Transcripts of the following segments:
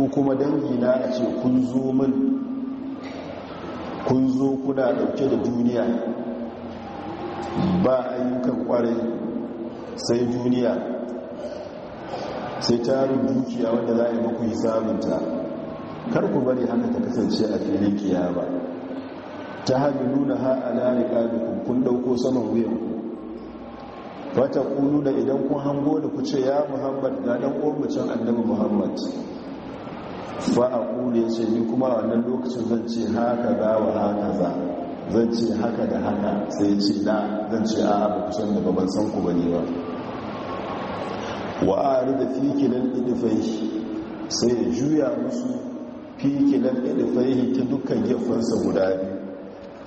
ku kuma dangina a ce kun zo min kun zo kuna dauke da duniya ba ayyukan kwarai sai duniya sai tarin dukiya wanda za a yi maku yi samunta kar ku bari hana ta kasance a filin kiyama ta hannu nuna a lari ƙabi kun ɗauko saman wuyanku wata kunu da idan kun hango da ku ce ya muhammad ga dan umarcin annabi muhammad Fa fa'akuli ce ni kuma a wannan lokacin zan ce haka za wa haka za zan ce haka da haka sai ce na zan ce a abu kusan da baban san ku bane ba wa a da fikilan idifai sai ya juya musu fikilan idifai ta dukkan gefansa guda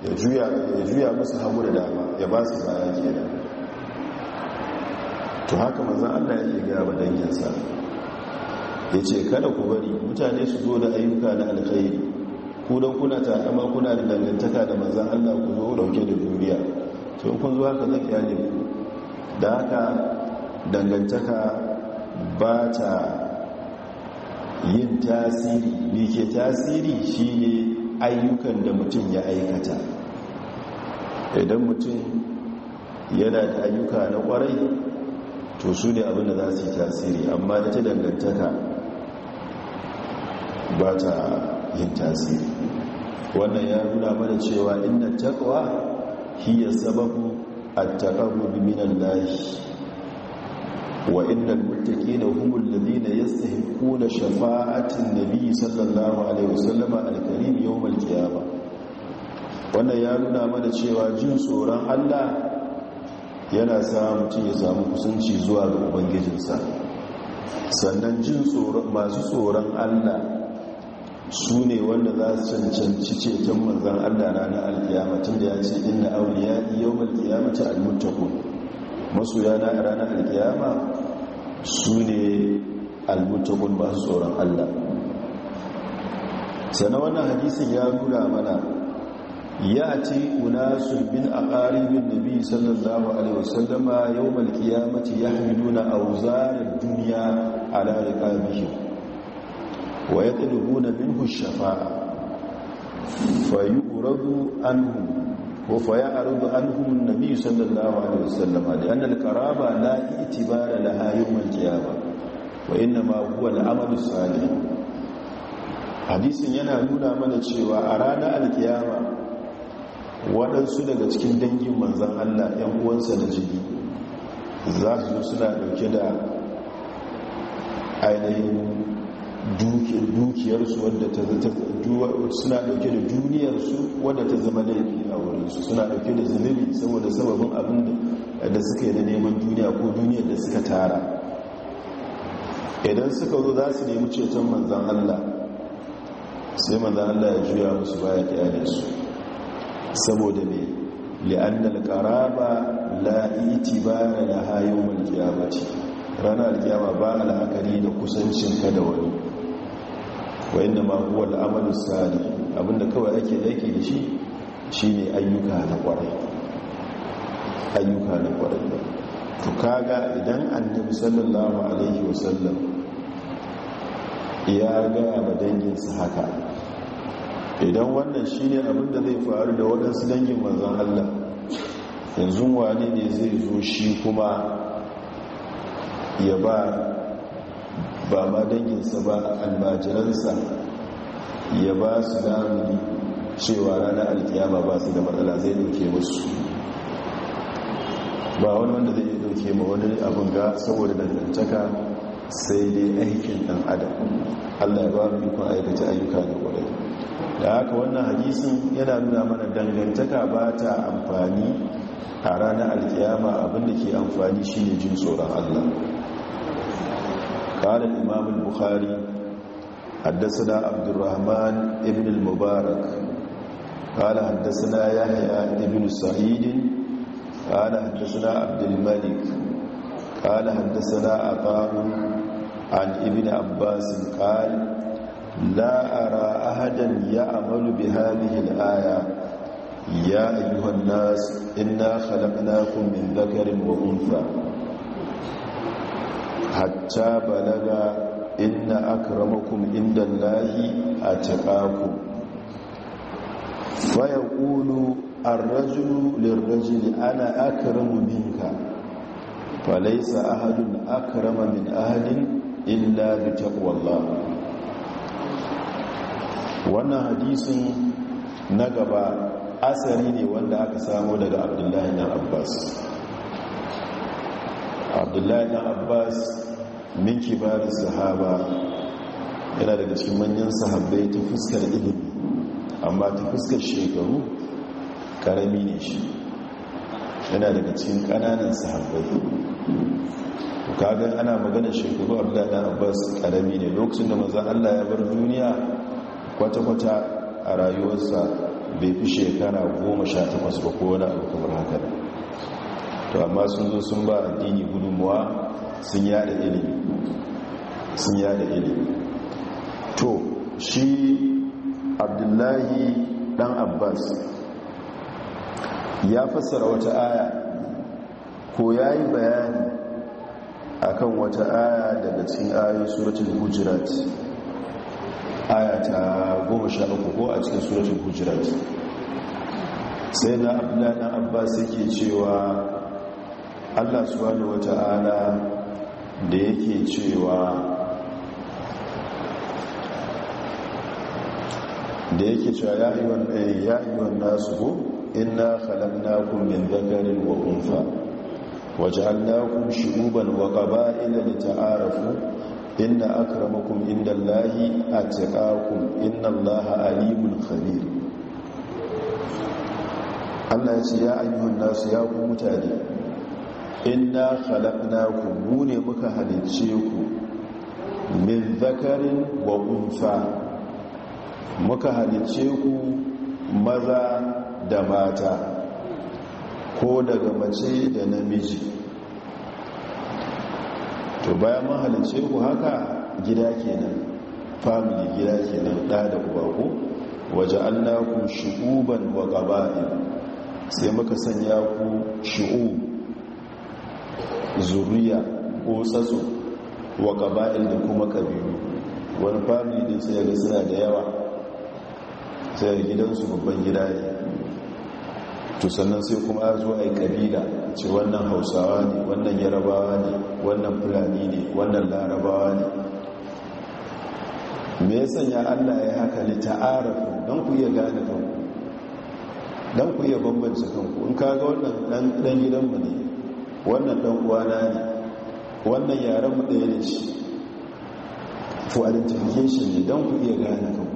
biyu ya juya musu hagu da dama ya ba su baya kenan to haka maza allah yake gaba danginsa ya ce kada ku bari mutane su zo da ayyuka na alkhairi ku don kuna ta amma kuna da dangantaka da manzan allah ku zo dauke da duniya to kun zo haka zaki yaje da haka dangantaka ba ta yin tasiri me ke tasiri shine ayyukan da mutum ya aikata idan mutum yana da ayyuka na kwarai to su ne abinda za su yi tasiri amma da ta dangantaka ba ta yin tasiri wannan ya nuna mana cewa inda takwa hiya sababu at-taqarrub min Allah wa innal muttaqina hum alladhina yastahiquna shafa'atin nabiy sallallahu alaihi sallam al-karim yawm al-qiyamah wannan ya nuna mana cewa jin tsoron Allah yana sa mutum ya samu kusanci zuwa ga ubangijinsa sannan jin tsoron masu tsoron Allah su ne wanda za su cancanci ceton manzan allah ranar alkiyamatin da ya ce inda ya yi yau alkiyamata almuttaqun masoya na ranar alkiyama su ne almuttakun ba su tsoron allah sana wannan hadisun ya nuna mana ya ce unasun min aqaribin nabi sallallahu alaihi wasallama ya hannu na auzarin duniya a ala biyu. Wa ya ta duhu na bin hushaba? Fa yi uraru alhu, ko fa ya ardu alhu na biyu sanda nawa na wasu Da hannun ƙara ba na iti ba da lahayun mulkiya ba. Wa yin nama uwa da Amadu Sani. Hadizan yana nuna mana cewa a ranar alkiyawa. Waɗansu daga cikin dangin manzan Allah 'yan uwansa da jirgin za su zo suna ɗauke da ainihin dukiyarsu wadda ta suna dauke da duniyarsu wadda ta zama laifi a wurinsu suna dauke da zunubi saboda sababin abin da suka yi na neman duniya ko duniyar da suka tara idan suka zo za su nemi ceton manzan allah sai manzan allah ya juya musu baya da su saboda mai li'annal ba na da hayo mulkiya mace ranar kiyama ba al'akari da kusancinka da wani wa inda ma huwa al'amalu sali abinda kawai ake aiki da shi shine ayyuka na kwarai ayyuka na kwarai to kaga idan annabi sallallahu alaihi wasallam ya gaya ma danginsa haka idan wannan shine abinda zai faru da waɗansu dangin manzon Allah yanzu wani ne zai zo shi kuma ya ba ba ma danginsa ba almajiransa ya ba su damuni cewa ranar alkiyama ba su da matsala zai dauke musu ba wani wanda zai yi dauke ma wani abin ga saboda dangantaka sai dai aikin dan adam allah ya ba mu ikon aikata ayyuka da kwarai da haka wannan hadisin yana nuna mana dangantaka ba ta amfani a ranar alkiyama abinda ke amfani shine jin tsoron allah قال الإمام البخاري حدثنا عبد الرحمن ابن المبارك قال حدثنا يحيى ابن سعيد قال حدثنا عبد الملك قال حدثنا عطاء عن ابن عباس قال لا أرى أحدا يعمل بهذه الآية يا أيها الناس إنا خلقناكم من ذكر وأنثى hatta balaga inna akramakum indallahi lahi a yaqulu ar-rajulu lir-rajuli ana akramu minka falaisa ahadun akrama min ahadin illa bi taqwallah wannan hadisin na gaba asari ne wanda aka samu daga abdullahi na abbas abdullahi na abbas min kibarin sahaba yana daga cikin manyan sahabbai ta fuskar ilimi amma ta fuskar shekaru karami ne shi yana daga cikin kananan sahabbai kaga ana magana shekaru abdullahi na abbas karami ne lokacin da maza allah ya bar duniya kwata-kwata a rayuwarsa bai fi shekara goma sha takwas ba ko wani abu kamar haka to amma sun zo sun ba addini gudunmuwa sun yada ilimi sun yada ilimi to shi abdullahi dan abbas ya fassara wata aya ko ya yi bayani akan wata aya daga cikin ayoyin suratul hujurat aya ta goma sha uku ko a cikin suratul hujurat sai na abdullahi abbas yake cewa allah subhanahu wata ala da yake cewa da yake cewa ya wannan eh, nasu ko inna khalaqnakum min dhakarin wa untha waj'alnakum shu'uban wa qaba'ila lita'arafu inna akramakum indallahi atqakum innallaha alimun khabir Allah ya ce ya ayyuhan nasu ya ku mutane inna ku mu ne muka halicce ku min zakarin wa unfa muka halice ku maza da mata ko daga mace da namiji to bayan mun halice ku haka gida kenan family gida kenan ɗa da uba ko waje annakum shu'uban wa qaba'il sai muka sanya ku shu'ub zuriya ko Sassu, wa ƙaba'il da kuma Kabiru, wani fami din sai ga suna da yawa sai gidansu babban gida ne to sannan sai kuma a zuwa a yi ƙabila ce wannan hausawa ne wannan yarabawa ne wannan fulani ne wannan larabawa ne me ya sanya allah ya haka ne ta'arafu don ku iya gane kanku don ku iya bambance kanku in ka ga wannan ɗan gidanmu ne wannan dan uwana ne wannan yaren mu ɗaya ne shi for identification ne don ku iya gane kanku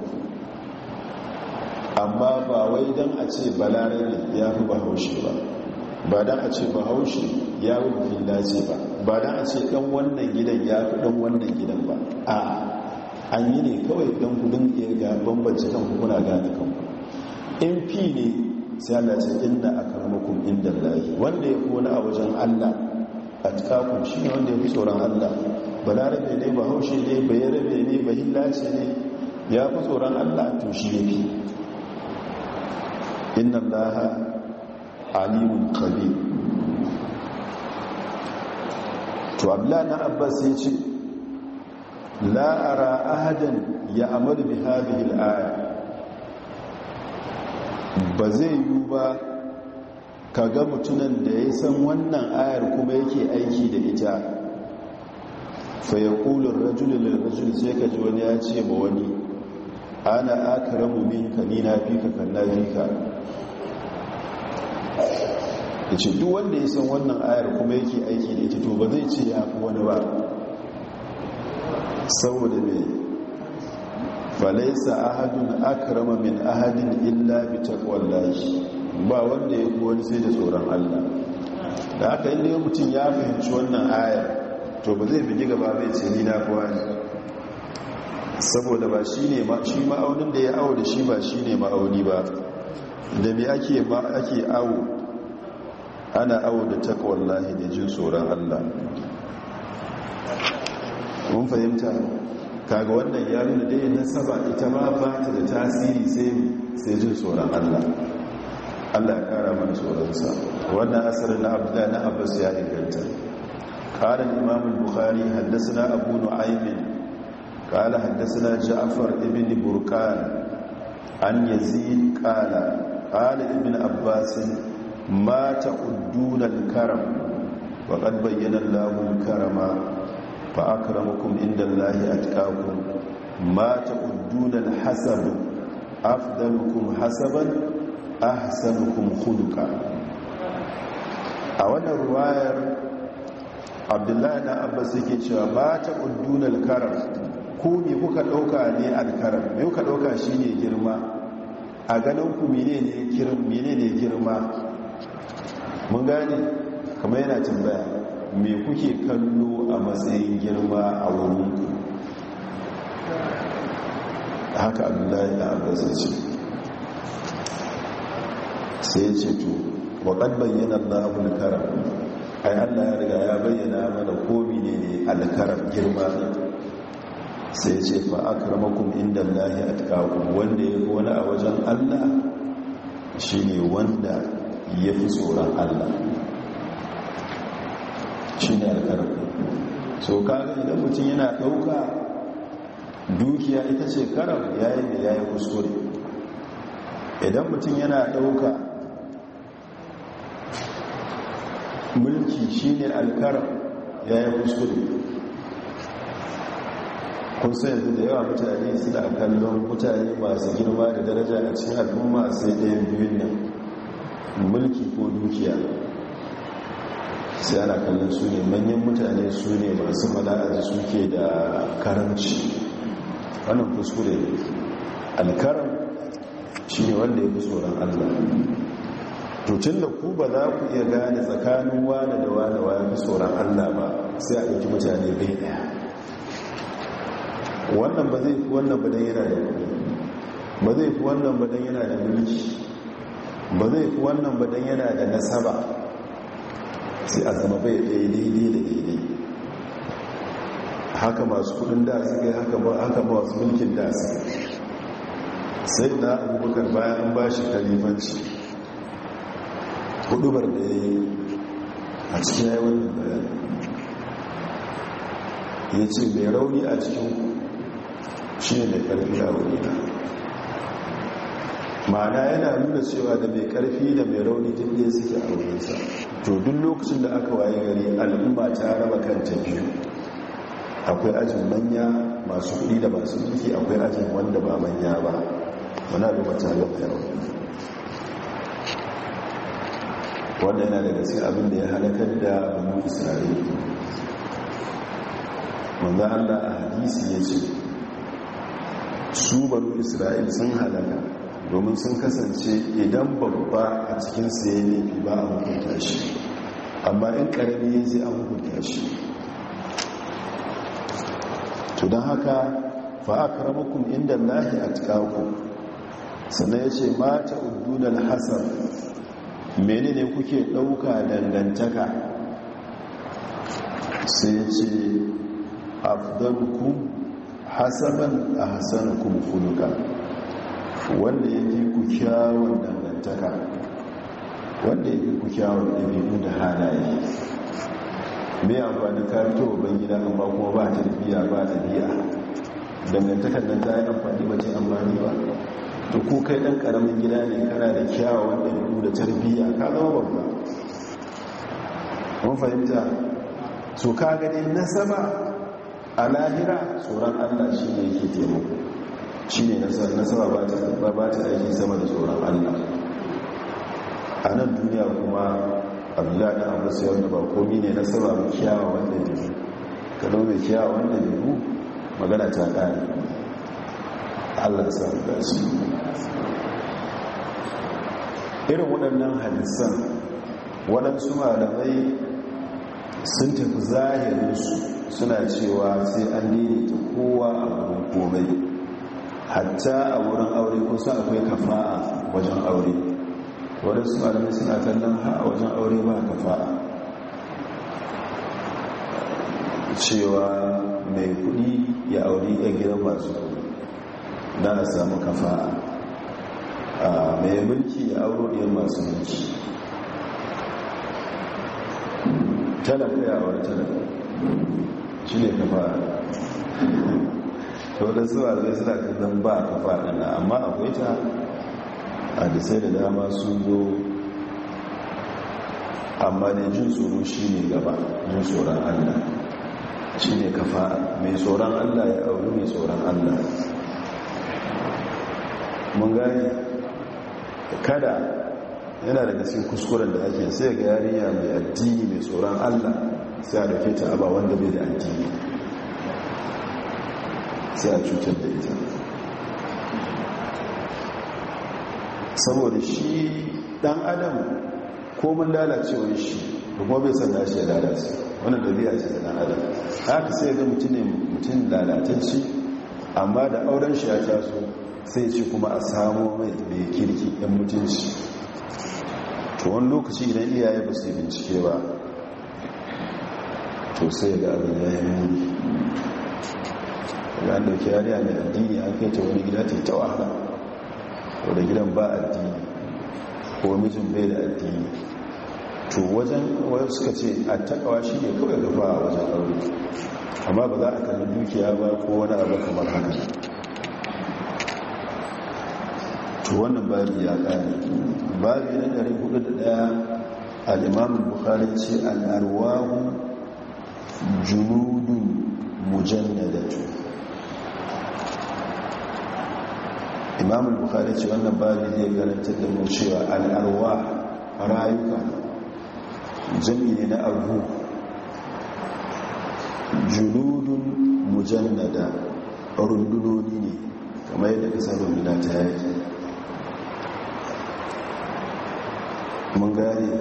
amma ba wai don a ce ne ya fi bahaushe ba ba don a ce bahaushe ya fi bufin dace ba ba don a ce ɗan wannan gidan ya fi ɗan wannan gidan ba a an yi ne kawai don don iya ga bambanci kan kuna gane kanku in fi ne sai allah ce inda aka inda lahi wanda ya kona a wajen Allah atqakum shi ne wanda ya fi tsoron Allah rabe ne ba haushe ne ba rabe ne ba hillace ne ya fi tsoron Allah to shi inna laha alimun qabil to abla na abbas ya ce la'ara ara ahadan ya amur bi hadhihi al-aya ba zai yi ba kaga mutunan da ya san wannan ayar kuma yake aiki da ita fayakulun rajulun rajulun sai ka ji wani ya ce ma wani ana aka ramu minka ni na fi ka kanna na fi ka ce duk wanda ya san wannan ayar kuma yake aiki da ita to ba zai ce ya fi wani ba saboda mai falaisa ahadun rama min ahadin illa bi taqwallahi ba wanda ya fi wani sai da tsoron allah da haka inda yin mutum ya fahimci wannan ayar to ba zai fi gaba bai ce ni na kuwa ne saboda ba shi ne shi ma'aunin da ya awo da shi ba shi ne ma'auni ba da mai ake ake awo ana awo da takwar lahi da jin tsoron allah mun fahimta kaga wannan ya da dai nasaba ita ma ba ta da tasiri sai jin tsoron allah allah ya kara mana tsoronsa wannan asirin na abdullahi na abbas ya inganta قال الإمام البخاري حدثنا أبو نعيم قال حدثنا جعفر ابن بركان عن يزيد قال قال ابن عباس ما تعدون الكرم وقد بين الله الكرم فأكرمكم عند الله أتقاكم ما تعدون الحسب أفضلكم حسبا ahsanukum khuluqa a wannan ruwayar abdullahi na abbas yake cewa ba ta uddun alkarar ku ne kuka dauka ne alkarar me kuka dauka shine girma a ganin ku menene kirin menene girma mun gane kamar yana tambaya me kuke kallo a matsayin girma a wurin ku haka abdullahi da abbas ya ce sai ya ce to waɗan bayyana allahu alkaram ai allah ya riga ya bayyana mana komi ne ne alkaram girma sai ya ce fa akramakum inda allahi atqakum wanda ya fi wani a wajen allah shine wanda ya fi tsoron allah shine alkaram so kaga idan mutum yana ɗauka dukiya ita ce karar yayin da ya yi kuskure idan mutum yana ɗauka mulki shine alkaram ya yi kuskure kun sai yanzu da yawa mutane suna kallon mutane masu girma da daraja a cikin al'umma sai ɗayan biyun nan mulki ko dukiya sai ana kallon su ne manyan mutane su ne masu mala'ar suke da karanci wannan kuskure alkaram shi ne wanda ya fi tsoron allah tun da ku ba za ku iya gane tsakanin wane da wane wane tsoron allah ba sai a ɗauki mutane bai ɗaya wannan ba zai fi wannan badan yana da ba zai fi wannan badan yana da mulki ba zai fi wannan badan yana da nasaba sai a zama bai ɗaya daidai da daidai haka masu kudin da su kai haka masu mulkin da su sai na abubakar bayan an ba shi kalifanci hudubar da ya yi a cikin ya yi bayani ya ce mai rauni a cikin shi ne da ƙarfi a wurina ma'ana yana nuna cewa da mai ƙarfi da mai rauni duk ne suke a wurinsa to duk lokacin da aka waye gari al'umma ta raba kan tafiya akwai ajin manya masu kuɗi da masu duki akwai ajin wanda ba manya ba wani abin mata yau wanda daga cikin abin da ya halakar da banu isra'ila wanda Allah a hadisi ya ce su banu isra'il sun halaka domin sun kasance idan babba a cikin ya ne ba a hukunta shi amma in karami ya zai an hukunta shi to don haka fa'akaramakun inda lahi a tikaku sannan ya ce mata udunan hasar mene ne kuke ɗauka dangantaka sai ce afdalukum hasaban a hasanukum kuluka wanda ya fi ku kyawun dangantaka wanda ya fi ku kyawun ɗabi'u da halaye mai amfani karto ban gida amma kuma ba tarbiya ba ɗabi'a dangantakar nan ta yi amfani ba ce amfani ba to ku kai ɗan ƙaramin gida ne kana da kyawawan ɗabi'u da tarbiyya ka zama babba mun fahimta so ka gani na sama a lahira tsoron allah shi ne yake taimako shi ne na sama ba ta aiki sama da tsoron allah a nan duniya kuma abdullahi abu sai wanda ba komi ne na sama kyawawan ɗabi'u ka zama mai kyawawan ɗabi'u magana ta ƙari allah ya samu irin waɗannan hadisan waɗansu malamai sun tafi zahirinsu suna cewa sai an daidaita kowa a wurin komai hatta a wurin aure sa akwai kafa'a wajen aure waɗansu malamai suna tallan ha'a a wajen aure ba kafa'a cewa mai kuɗi ya auri ya gidan masu kudi da a samu kafa'a a mai mulki a auro ɗin masu mulki talaka yawar talaka shi ne kafa'a Ta da zuwa zai suna kallon ba kafa'a na amma akwai ta a da sai da dama sun zo amma da jin tsoro shi ne gaba jin tsoron allah shi ne kafa mai tsoron allah ya auri mai tsoron allah mun gani kada yana daga cikin kuskuren da ake sai ga yarinya mai addini mai tsoron allah sai a dauke ta aba wanda bai da addini sai a cutar da ita saboda shi dan adam mun lalacewar shi da kuma bai san shi ya lalace wannan dabi'a ce da dan adam haka sai ga mutum ne mutum lalatacci amma da auren shi ya taso sai ce kuma a samo mai mai kirki ɗan mutunci to wani lokaci idan iyaye ba su yi bincike ba to sai ga abin ya yi muni ga dauki yariya mai addini an kai ta wani gida ta yi ta wahala wadda gidan ba addini ko mijin bai da addini to wajen wani suka ce a takawa shi ne kawai gaba a wajen aure amma ba za a kalli dukiya ba ko wani abu kamar haka to wannan babi ya kare babi na 401 al-imam bukhari ce al-arwahu junudun mujannadatu imam bukhari ce wannan babi ya garantar da mu cewa al rayuka jami'i na arhu junudun mujannada rundunoni ne kamar yadda kasar runduna ta yake mun gane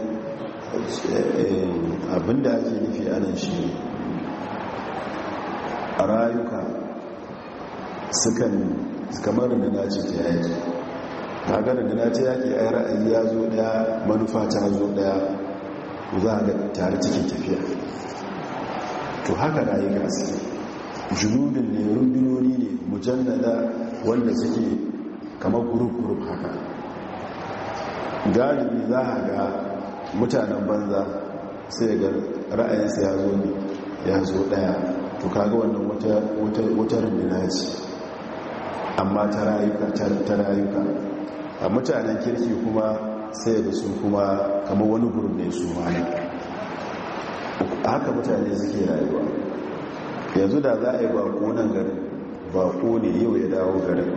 eh, abinda ake nufi anan shi a rayuka sukan kamar da na ce ta yaki ta gane da na ce yaki a yi ra'ayi ya zo daya manufa ta zo daya za a ga tare cikin tafiya to haka rayuka suke junudin ne rundunoni ne mujallada wanda suke kamar gurub-gurub haka galibi za a ga mutanen banza sai ga ra'ayinsa ya zo ne ya zo ɗaya to kaga wannan wata rundina ce amma ta rayuka ta rayuka a mutanen kirki kuma sai da su kuma kama wani gurin ne su haka mutane suke rayuwa yanzu da za a yi bako nan garin bako ne yau ya dawo garin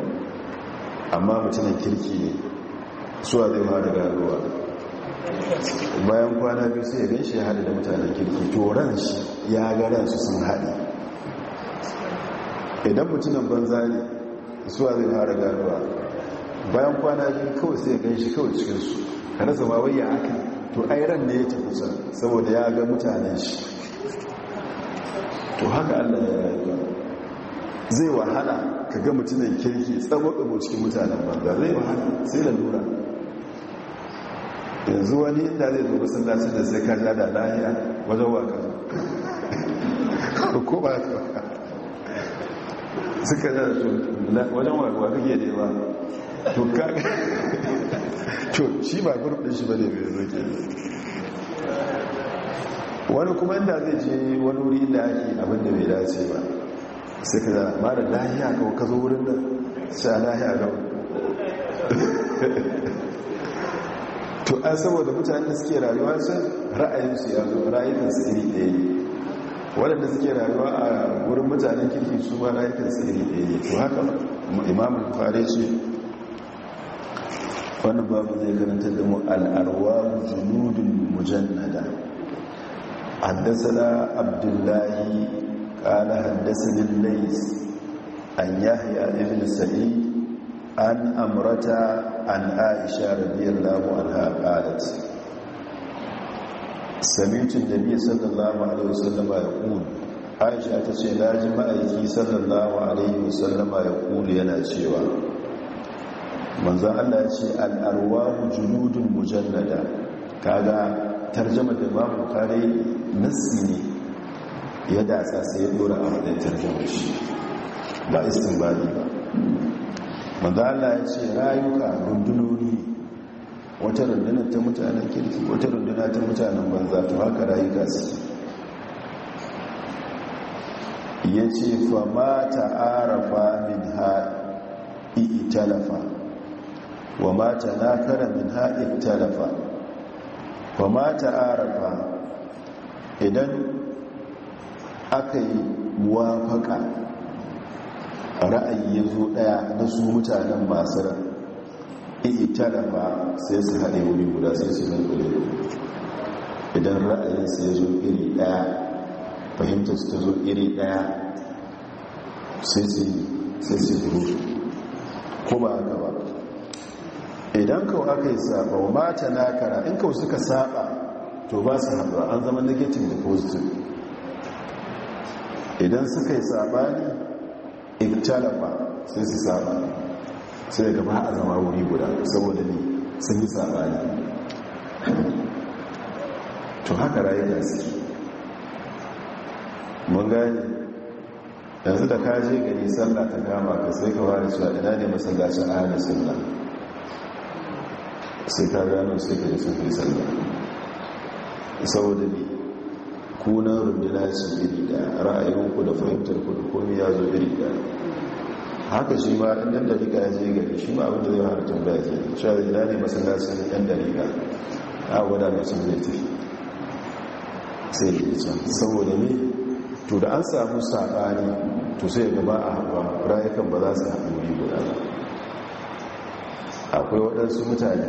amma mutumin kirki ne suwa zai ma da ganowa bayan kwana biyu sai ya gan shi ya haɗu da mutanen kirki to ran shi ya ga su sun haɗi idan mutunan banza ne suwa zai ma da ganowa bayan kwana biyu kawai sai ya gan shi kawai cikinsu ka rasa ba wai ya haka to ai ran ne ya tafi kusa saboda ya ga mutanen shi to haka allah ya rayuwa zai wahala ka ga mutunan kirki tsawon cikin mutanen banza zai wahala sai lalura yanzu wani inda zai zo masallaci da sai ka jada da lahiya wajen waka ko ba ta waka suka jada da wajen waka ke ne ba to kaga to shi ba gurbin shi ba ne mai zoke wani kuma inda zai je wani wuri inda ake abinda bai dace ba sai ka ja ba da lahiya ka zo wurin nan sai a lahiya ga to a saboda mutanen da suke rayuwa ra'ayin su ya zo su iri ɗaya ne waɗanda suke rayuwa a wurin mutanen kirki su ba su iri ɗaya ne to haka imam fare ce wani babu zai karanta da mu al'arwa junudun mujannada haddasa abdullahi قال haddasa الليث an yahya ibn sa'id an amurata an aisha radiyallahu anha qalat sami'tu an-nabiy sallallahu alaihi ya yaqul aisha ta ce naji ma'aiki sallallahu alaihi ya yaqul yana cewa manzo Allah ce al mu mujallada kaga tarjama da babu kare nassi ne ya dasa sai ya dora a wajen tarjama shi ba ne ba Allah ya ce rayuka rundunoni wata rundunar ta mutanen kirki wata rundunar ta mutanen banza to haka rayuka su ya ce fama arafa min ha'i talafa wa mata nakara min ha'i talafa fama arafa idan aka yi wafaka ra'ayi ya zo ɗaya na su mutanen masu ran ba sai su haɗe wuri guda sai su ɗaya idan ra'ayinsu ya zo iri ɗaya su ta zo iri ɗaya sai su duru ko ba haka ba idan kawo aka yi saba wa mata na kara in kawo suka saba to ba su haɗuwa an zama negative da positive idan suka yi saba ne iktalafa sai su saba sai da ba a zama wuri guda saboda ne sun yi sabani to haka da su mun gani yanzu da ka je gari sallah ta gama ka sai ka ware suwa ina ne masallacin ahalin sallah sai ka gano sai ka yi sun fi sallah saboda ne kunan runduna su iri da ra'ayinku da fahimtar da komi ya zo iri da haka shi ma ɗan ɗan dariƙa ya je gari shi ma abinda zai hana tambaya ke shi a zai ne masallacin ɗan dariƙa a wada mai sun zai tafi sai ya saboda ne to da an samu saɓani to sai gaba a haɓa rayukan ba za su haɗu wuri guda ba akwai waɗansu mutane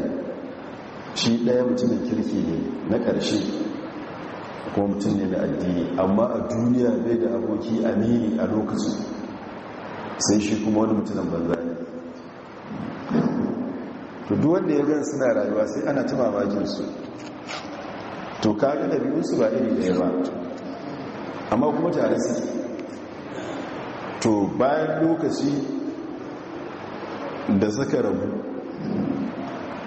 shi ɗaya mutumin kirki ne na ƙarshe ko mutum ne na addini amma a duniya bai da aboki amini a lokaci. sai shi kuma wani mutum banza ne to duk wanda ya gan suna rayuwa sai ana ta mamakin su to kaga su ba iri ɗaya ba amma kuma tare su to bayan lokaci da suka rabu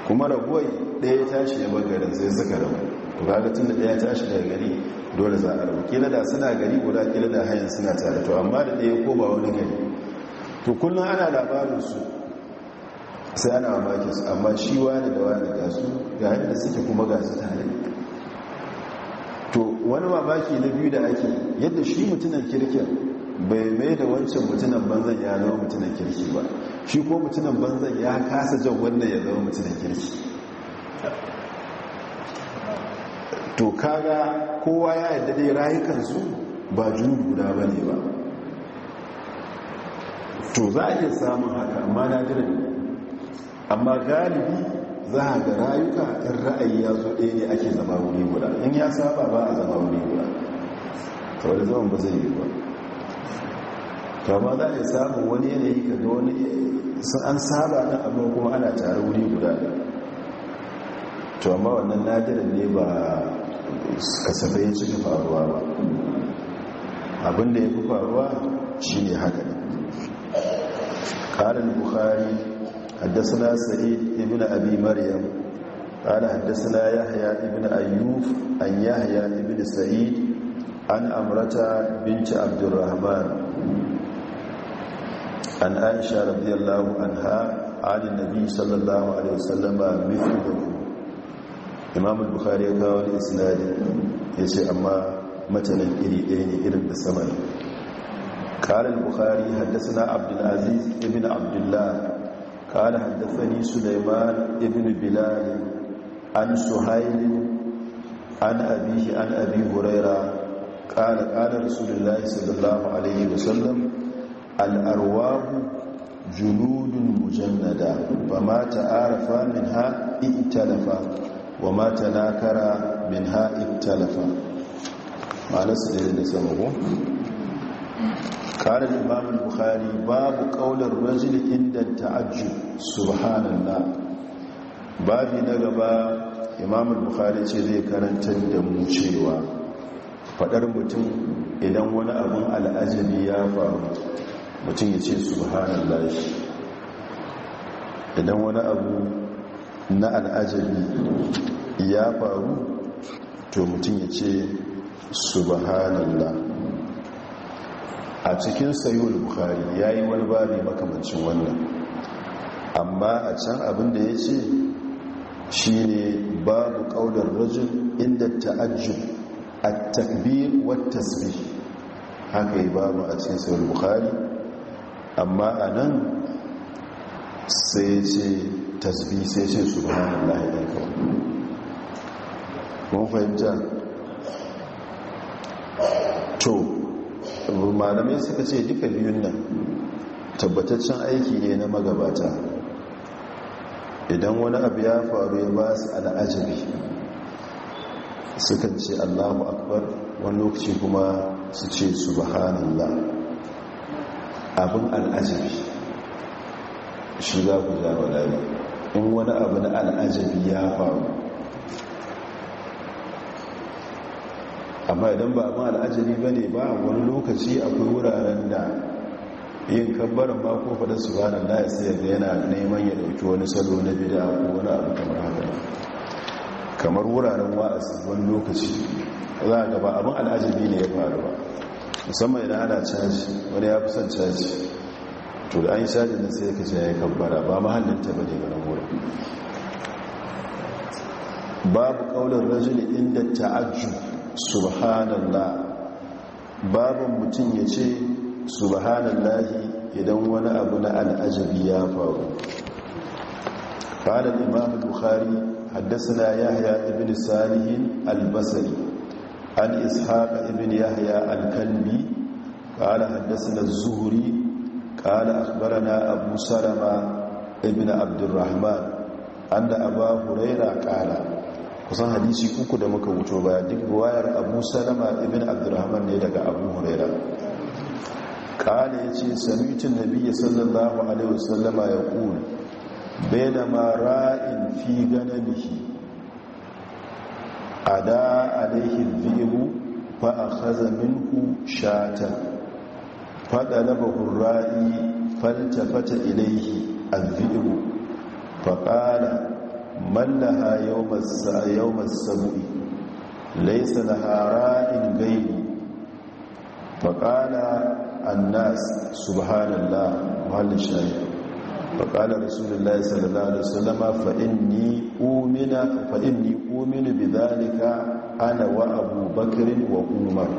kuma rabuwai ɗaya tashi ya bangaren sai suka rabu to tun da ɗaya ta shiga gari dole za a rabu kila da suna gari guda kila da hayan suna tare to amma da ɗaya ko ba wani gari to kullum ana labarin su sai ana mamaki su amma shi wani da wani ga su ga da suke kuma ga su tare to wani mamaki na biyu da ake yadda shi mutunan kirkin bai mai da wancan mutunan banzan ya zama mutunan kirki ba shi ko mutunan banzan ya kasa jan wannan ya zama mutunan kirki to kaga kowa ya yadda dai rayukansu ba junubi guda ba ne ba to za a iya samun haka amma na jirage amma galibi za a ga rayuka in ra'ayi ya zo ɗaya ne ake zama wuri guda in ya saba ba a zama wuri guda kawai da zaman ba zai yi ba kama za a samun wani yanayi ka ga wani sun an saba na abin kuma ana tare wuri guda to amma wannan nadirin ne ba kasafai ya cika faruwa ba abinda ya fi faruwa shi ne haka ƙarin buhari haddasa sa'id ibn abi maryam ƙarin haddasa yahya ibn ayyuf an yahya ibn sa'id an amrata binci abdurrahman an aisha radiyallahu anha an nabi sallallahu alaihi wasallama mithluhu imam bukhari ya kawo wani isnadi ya ce amma matanin iri ɗaya ne irin da sama ne ƙarar bukhari haddasa na abdulaziz ibn abdullah ƙarar haddasa ni suleiman ibn bilal an suhailin an abihi an abi huraira ƙarar ƙarar rasulullahi sallallahu alaihi wasallam al'arwahu junudun mujannada ba ma ta'arafa min ha italafa wa mata na kara min ha'ib talafa ma'anarsa da da sama ko karin imamun bukhari babu kaular rajul inda ta'ajju subhanallah babi na gaba imamun bukhari ce zai karantar da mu cewa fadar mutum idan wani abin al'ajabi ya faru mutum ya ce subhanallah idan wani abu na al'ajabi ya faru to mutum ya ce subhanallah a cikin sayuwar Buhari ya yi wani babi makamancin wannan amma a can abin da ya ce shi ne babu ƙaunar rajin inda ta'ajjub a takbir wata tasbih haka yi babu a cikin sayuwar Buhari, amma a nan sai ce tasbi sai ce subhanallah ya kawai mun fahimta to malamai suka ce duka biyun nan tabbataccen aiki ne na magabata idan wani abu ya faru ya ba su al'ajabi sukan ce allahu akbar wani lokaci kuma su ce subhanallah abin al'ajabi shi za ku ja wa in wani abu na al'ajabi ya faru amma idan ba abin al'ajabi ba ne ba wani lokaci akwai wuraren da yin kabbaran ba ko faɗin su ba nan laye sai da yana neman ya dauki wani salo na bida ko wani abu kamar haka kamar wuraren wa'azi wani lokaci za a gaba abin al'ajabi ne ya faru ba musamman idan ana caji wani ya fi son caji to da an yi sajin da sai ka shaye kan bara ba mahallinta ba ne ganin wurin babu kaunar rajin inda ta'ajju subhanallah babin mutum ya ce subhanallah idan wani abu na al'ajabi ya faru ƙalar imam bukhari haddasa yahya ibn salihin albasari an ishaƙa ibn yahya alkalbi ƙalar haddasa zuhuri قال أخبرنا أبو سلمة ابن عبد الرحمن أن أبا هريرة قال kusan hadisi uku da muka wuce baya duk ruwayar abu salama ibn abdurrahman ne daga abu huraira kala ya ce samitin nabiya sallallahu alaihi wasallama ya ƙuri Baina ma mara'in fi ganamihi a da alaihin biyu fa a haza shatan fada na bakun ra'ayi falce fata ilaihi alfi'iru faƙara mallaha yau masabi laisa na hara'in gaini faƙara annas subhanallah wahalar shari'a faƙara rasulullah sallallahu alaihi wasallama fa'in ni umina bi zalika ana wa abubakarin wa umar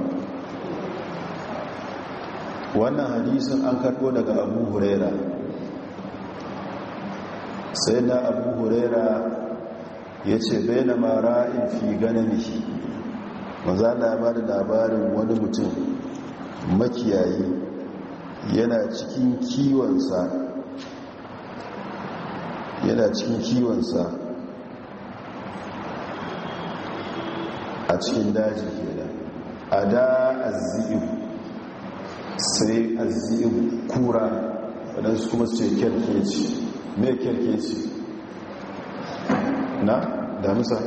wannan hadisin an karbo daga abu huraira sai na abu huraira ya ce bai na mara in fi ganani maza na ba da labarin wani mutum makiyayi yana cikin kiwonsa yana cikin kiwonsa a cikin daji da a da sai azim kura waɗansu kuma sai ce kyarkeci mai kyarkeci na damisa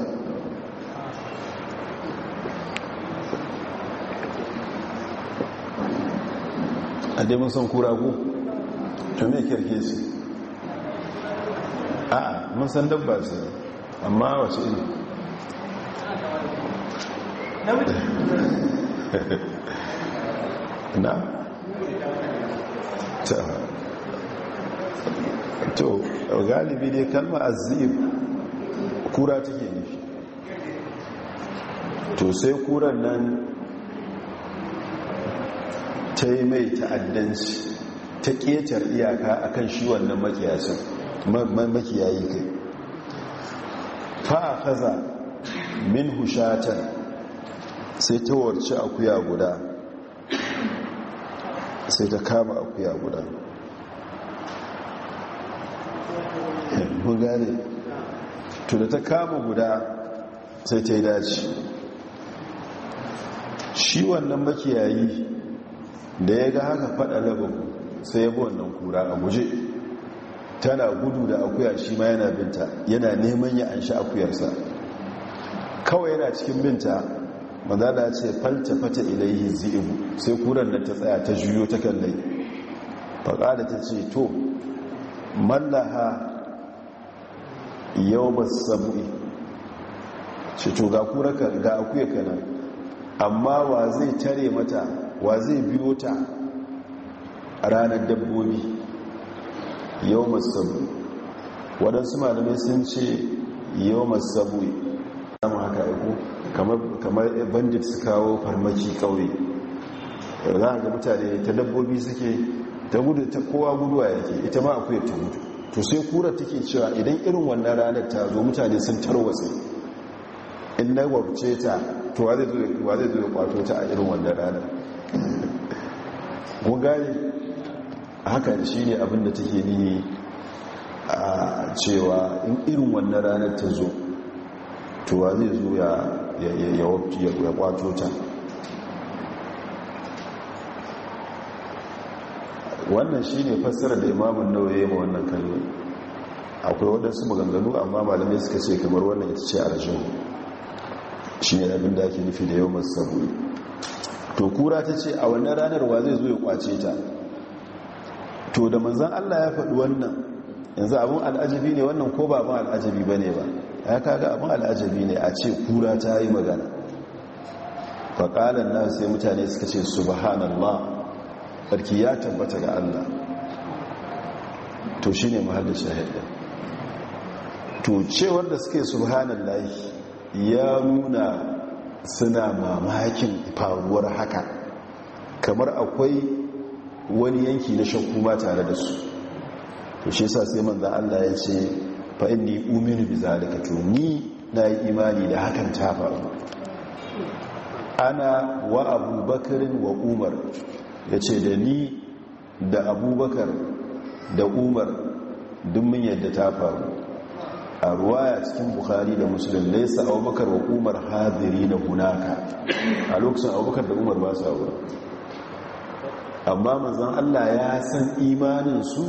a dai mun san kura ku to mai kyarkeci a mun san dabba ce amma wace ne na galibi ne kalma azib kura take nufi to sai kuran nan ta yi mai ta'addanci ta ƙetar iyaka akan shi wannan makiyasin makiyayi kai fa'a kaza min hushata, sai ta warci akuya guda sai ta kama akuya guda mun to da ta kama guda sai ta yi dace shi wannan makiyayi da ya ga haka fada labin sai ya bi wannan kura a guje tana gudu da akuya shi ma yana binta yana neman ya anshi akuyarsa kawai yana cikin binta mazala ce falta fata yin zi'ibu sai kuran na ta tsaya ta juyo ta kallai faƙa da ta ce to mallaha yau ba sabu'i ce to ga kuraka ga akuya kanan amma wa zai tare mata wa zai biyo ta ranar dabbobi yau sabu'i waɗansu malamai sun ce yau sabu'i samun haka aiko kamar bandit su kawo farmaki ƙauye za a ga mutane ta dabbobi suke ta gudu ta kowa guduwa yake ita ma akuyar ta gudu to sai kura take cewa idan irin wannan ranar ta zo mutane sun tarwatse in na warce ta to wa zai zo kwato ta a irin wannan ranar gungari haka shi ne abinda take ne a cewa in irin wannan ranar ta zo to wa zai zo ya kwato ta wannan shi ne fassara da imamun nauyi ma wannan kalma akwai waɗansu maganganu amma malamai suka ce kamar wannan ita ce arjun shi ne abin da ake nufi da yau masu sabuwa to kura ta ce a wannan ranar wa zai zo ya kwace ta to da manzan allah ya faɗi wannan yanzu abin al'ajabi ne wannan ko ba abin al'ajabi ba ne ba ya kaga abin al'ajabi ne a ce kura ta yi magana faƙalan nan sai mutane suka ce subhanallah tsarki ya tabbata ga Allah to shi ne mahallin shahidin to cewar da suke subhanallahi ya nuna suna mamakin faruwar haka kamar akwai wani yanki na shakku ba tare da su to shi sa sai manzan Allah ya ce fa'in ni umiru bi zalika to ni na yi imani da hakan ta faru ana wa abubakarin wa umar ya ce da ni da abubakar da umar dummin yadda ta faru a ruwaya cikin bukhari da musulun laisa abubakar wa umar haziri na hunaka a lokacin abubakar da umar ba sa wurin amma mazan allah ya san imaninsu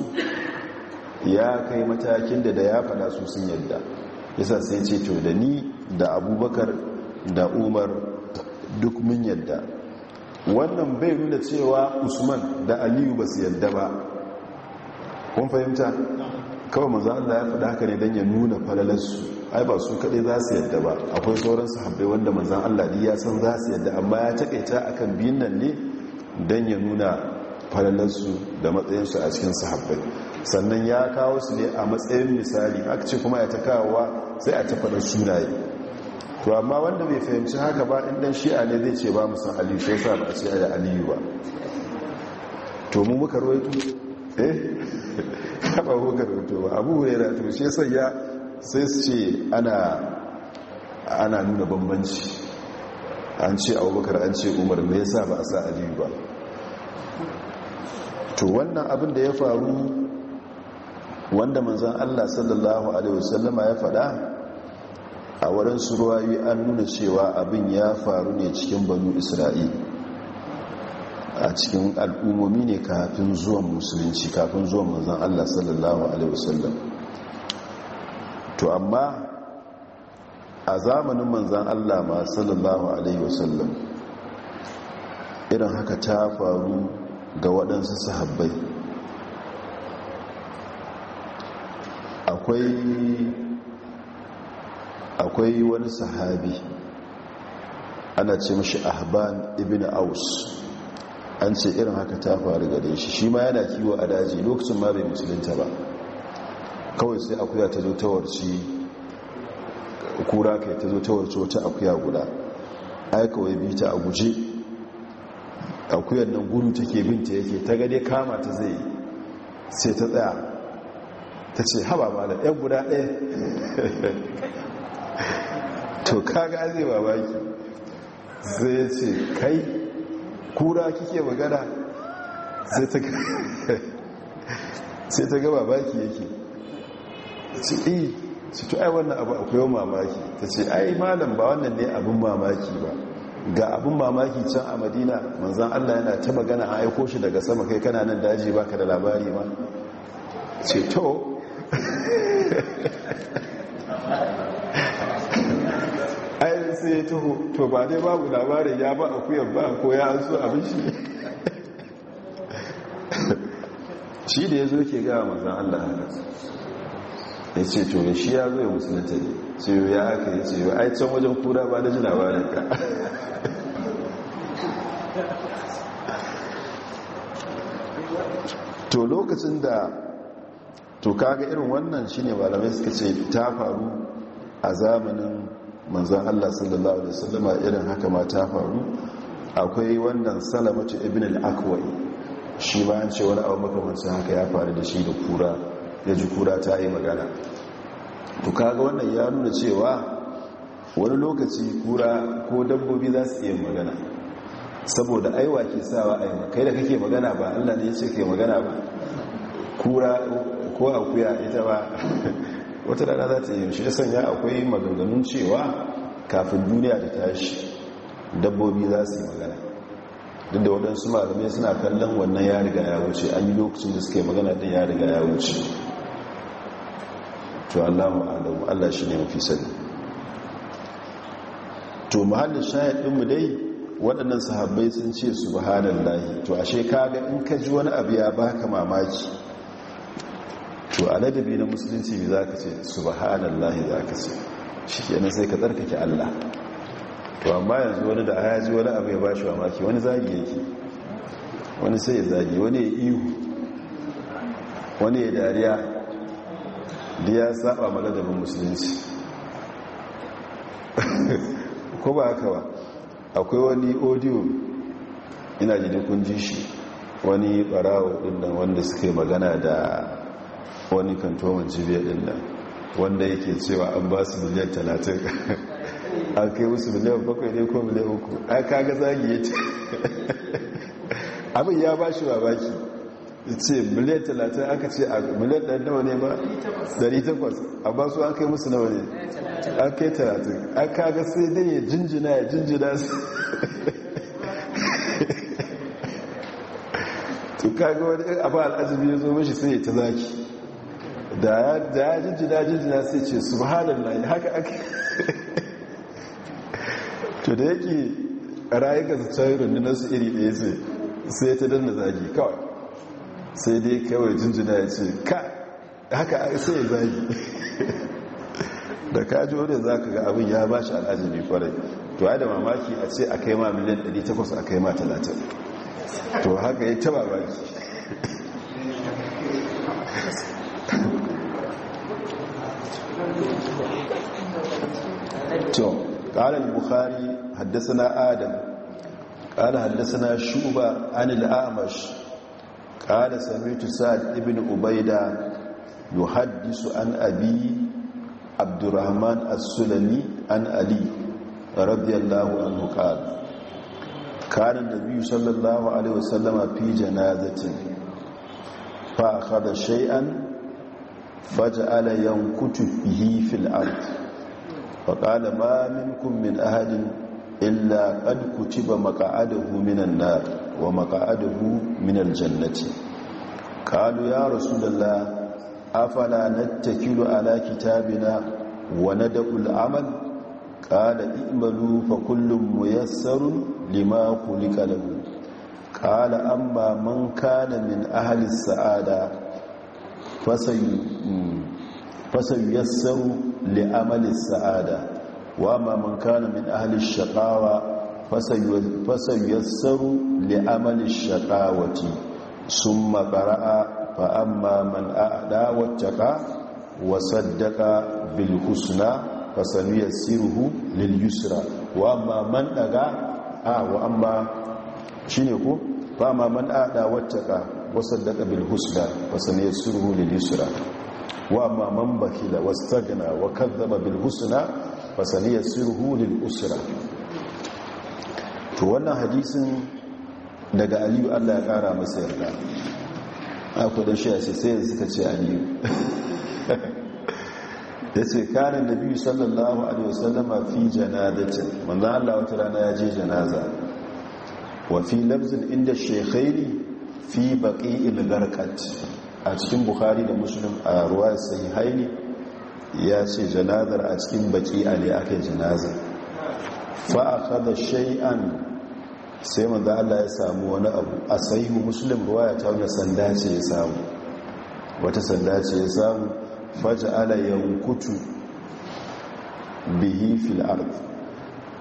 ya kai matakin da da ya fada su sun yadda yasa sai ce to da ni da abubakar da umar duk mun yadda wannan bai nuna cewa usman da aliyu ba su yadda ba kun fahimta kawai maza Allah ya faɗa haka ne don ya nuna falalarsu ai ba su kaɗai za su yadda ba akwai sauran sahabbai wanda maza Allah ne ya san za su yadda amma ya taƙaita a kan biyun nan ne don ya nuna falalarsu da matsayinsu a cikin sahabbai sannan ya kawo su ne a matsayin misali aka ce kuma ya ta kawowa sai a ta faɗa sunaye to amma wanda bai fahimci haka ba in dan shi'a ne zai ce ba mu san aliyu sai sa ba a ce ya aliyu ba to mu muka rawaito eh ba mu muka rawaito ba abu hurairah to shi sai ya sai su ce ana ana nuna bambanci an ce abubakar an ce umar me yasa ba a sa aliyu ba to wannan abin da ya faru wanda manzan allah sallallahu alaihi wasallama ya faɗa a waɗansu ruwayi an nuna cewa abin ya faru ne cikin banu isra'il a cikin al'ummomi ne kafin zuwan musulunci kafin zuwan manzan allah sallallahu alaihi wasallam to amma a zamanin manzan allah ma sallallahu alaihi wasallam irin haka ta faru ga waɗansu sahabbai akwai akwai wani sahabi ana ce mashi ahban ibn aus an ce irin haka ta faru gare shi shi ma yana kiwo a daji lokacin ma bai musulunta ba kawai sai akuya ta zo tawarci kura kai ta zo tawarci wata akuya guda aikawai bi ta a guje akuyan nan gudu take binta yake ta gade kama ta zai sai ta tsaya ta ce haba malam yan guda ɗaya to kaga zai babaki sai ya ce kai kura kike magana sai ta ga babaki yake ce e, ce to ai wannan abu akwai mamaki ta ce ai malam ba wannan ne abin mamaki ba ga abin mamaki can a madina manzan allah yana ta magana a aiko shi daga sama kai kana nan daji baka da labari ma ce to sai ya taho to ba dai babu labarin ya ba kuyar ba ko ya an so abin shi shi da ya zo ke gawa mazan allah haka ya ce to ne shi ya zo ya musulunta ne ce yi ya aka yi ce yau ai can wajen kura ba da ji labarin ka to lokacin da to kaga irin wannan shine malamai suka ce ta faru a zamanin manzan allah sallallahu alaihi wasallama irin haka ma ta faru akwai wannan salamatu ibn al-akwai shi ma an ce wani abu makamancin haka ya faru da shi da kura ya ji kura ta yi magana to kaga wannan ya nuna cewa wani lokaci kura ko dabbobi za su iya magana saboda aiwa ke sawa a kai da kake magana ba allah ne ya ce ke magana ba kura ko akuya ita ba wata rana za ta yi shi da sanya akwai maganganun cewa kafin duniya ta tashi dabbobi za su yi magana duk da waɗansu malamai suna kallon wannan ya riga ya wuce an yi lokacin da suke magana da ya riga ya wuce to Allah ma'adamu Allah shi ne mafi sani to muhallin shahidinmu dai waɗannan sahabbai sun ce su subhanallahi to ashe kaga in ka ji wani abu ya baka mamaki to a ladabi na musulunci ne za ka ce subhanallahi za ka ce shi kenan sai ka tsarkake allah to amma yanzu wani da ya ji wani abu ya ba wa maki wani zagi yake wani sai ya zagi wani ya ihu wani ya dariya da ya saba ma ladabin musulunci ko ba haka ba akwai wani audio ina jini kun wani barawo ɗin wanda suka yi magana da wani kantoman cibiyar din nan wanda yake cewa an ba su miliyan talatin a kai musu miliyan bakwai ne ko miliyan uku a kaga zagi ya ce abin ya ba shi baki ce miliyan talatin aka ce a miliyan ɗan nawa ne ba takwas a ba su an kai musu nawa ne an kai talatin a kaga sai dai ya jinjina ya jinjina su to kaga wani a al'ajibi ya zo mashi sai ya ta zaki da ya jijjina jijjina sai ce subhanallah haka ake. to da yake rayu ga can rundunar su iri ɗaya ce sai ta danna zagi kawai sai dai kawai jinjina ya ce ka haka sai ya zagi da kaji wani za ka ga abin ya ba shi al'ajabi kwarai to ya da mamaki a ce a kai ma miliyan 800 a kai ma 30 to haka ya taba baki قال البخاري حدثنا آدم قال حدثنا شوبة عن الأعمش قال سمعت سعد ابن عبيدة يحدث عن أبي عبد الرحمن السلمي عن علي رضي الله عنه قال كان النبي صلى الله عليه وسلم في جنازة فأخذ شيئا فجعل ينكت به في الأرض faƙala ma minkum min ahadin illa qad kutiba maq'adahu minan nar wa maq'adahu minal jannati qalu ya rasu rasulullah afala nattakilu ala kitabina wa nad'u al'amal qala i'malu kullum kullun muyassarun lima khuliqa lahu qala amma man kana min ahli as-sa'ada fasayu fasar yassaru li'amalin sa'ada wa maman kana min ahalin shaƙawa fasar yassaru li'amalin shaƙawati sun maƙara'a fa'amma man a'ada wattaka wa saddaka bilhusna fasar yassiruhu lil-yusra wa maman daga a wa shi ne ko fa'amma man a'ada wattaka wa saddaka bilhusna fasar yassiruhu lil-yusra wa amma man bakila wastagna wa kadzaba bil husna fasaliyasiruhu lil usra to wannan hadisin daga aliyu Allah ya kara masa yarda akwai da shi a ce sai suka ce aliyu ya ce kanin da biyu sallallahu alaihi wasallama fi janadatin wanda Allah wata rana ya je janaza wa fi lafzin inda shekhairi fi baƙi ilgarkat a cikin bukari da muslim a ruwa haini ya ce janazar a cikin baki ne aka yi janazar fa'aka da shay'an sai manzo Allah ya samu wani abu a sahihu musulun ruwa ya tauna sanda ce ya samu wata sanda ce ya samu yawon yankutu bihi fil ard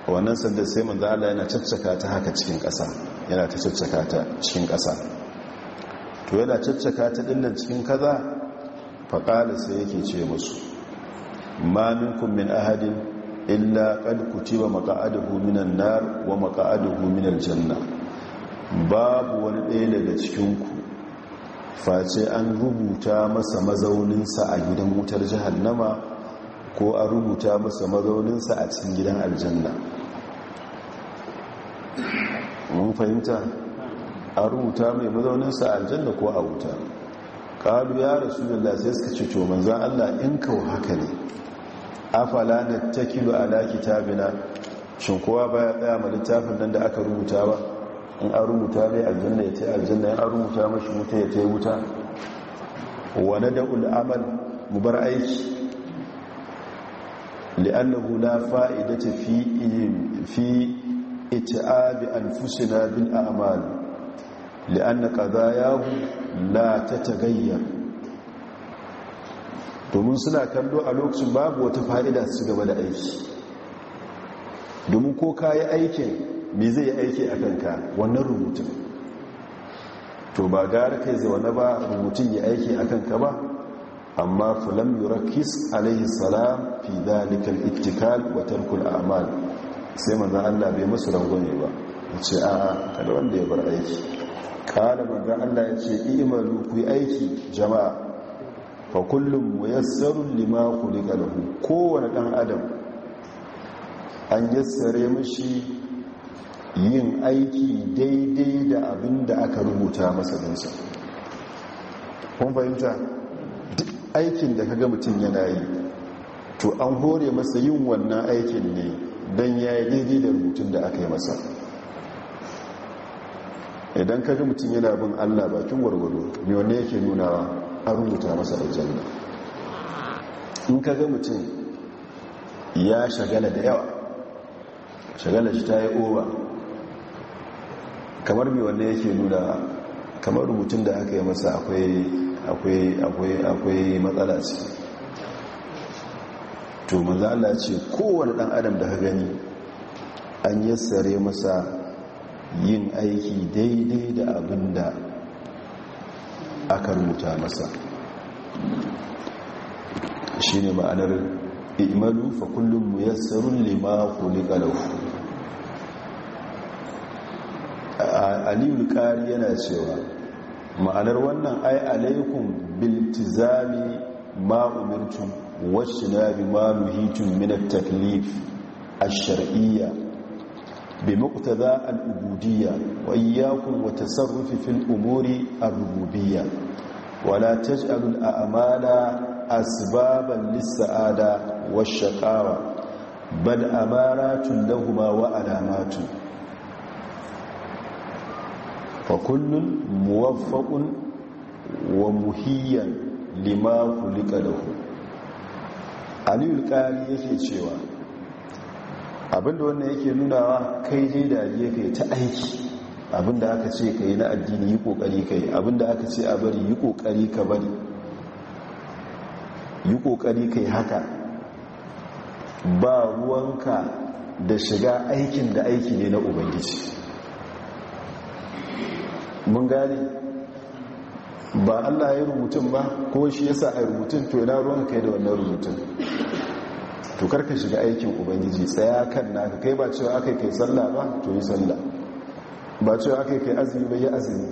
wannan sanda sai manzo Allah yana caccaka ta haka cikin ƙasa yana ta caccaka ta cikin ƙasa to yana caccaka ta dinnan cikin kaza faƙala sai yake ce musu Mamin minkum min ahadin illa qad kutiba maq'aduhu minan nar wa maq'aduhu minal janna babu wani ɗaya daga cikin ku face an rubuta masa mazauninsa a gidan wutar jahannama ko an rubuta masa mazauninsa a cikin gidan aljanna mun fahimta a rubuta mai mazauninsa a aljanna ko a wuta ƙalu ya rasu da sai suka ce to manzan allah in kawo haka ne afala na ta kilo ala kitabina shin kowa baya tsaya ma littafin nan da aka rubuta ba in an rubuta mai aljanna ya ce aljanna in an rubuta mashi wuta ya ce wuta wane da ul'amal mu bar aiki li'annahu la fa'idata fi fi itabi anfusina bil a'mal لأن قضاياه لا تتغير domin suna kallo a lokacin babu wata fa'ida su gaba da aiki domin ko ka yi aikin me zai yi aiki a kanka wannan rubutun to ba gara kai zai wani ba rubutun yi aiki a kanka ba amma fulam yurakis alaihi salam fi dalikal ittikal watan tarkul a'mal sai manzan Allah bai rangon rangwame ba ce a kada wanda ya bar aiki kala manzan allah ya ce imalu ku yi aiki jama'a fa kullum muyassarun lima kulika lahu kowane dan adam an yassare mashi yin aiki daidai da abin aka rubuta masa dinsa kun fahimta duk aikin da kaga mutum yana yi to an hore masa yin wannan aikin ne don ya yi daidai da rubutun da aka yi masa idan kaji mutum yana bin Allah bakin gwargwado ne wanne yake nunawa an rubuta masa aljanna in kaga mutum ya shagala da yawa shagala shi ta yi owa kamar mai wanne yake nuna kamar rubutun da aka yi masa akwai matsala ce to maza Allah ce kowane dan adam da ka gani an yi sare masa yin aiki daidai da abin da aka rubuta masa shi ne ma'anar imalu fa kullum muyassarun lima kulika kalafu. aliyu yana cewa ma'anar wannan ai alaikum biltizami ma wasu na bi ma muhitun taklif a shari'iyya بمقتضى الأبودية وإياكم وتصرف في الأمور الربوبية ولا تجعل الأعمال أسبابا للسعادة والشقاوة بل أمارات لهما وألامات فكل موفق ومهيا لما خلق له علي القاري yake cewa abinda wannan yake nunawa kai je dariya kai ta aiki abinda aka ce ka yi na addini yi kokari ka yi abinda aka ce a bari yi kokari ka bari yi kokari ka yi haka ba ruwanka da shiga aikin da aiki ne na ubangiji mun gane ba allah ya rubutun ba ko shi yasa a rubutun to yana ruwanka kai da wannan rubutun to karka shiga aikin ubangiji tsaya kan naka kai ba cewa aka kai sallah ba to yi sallah ba cewa aka kai azumi ba yi azumi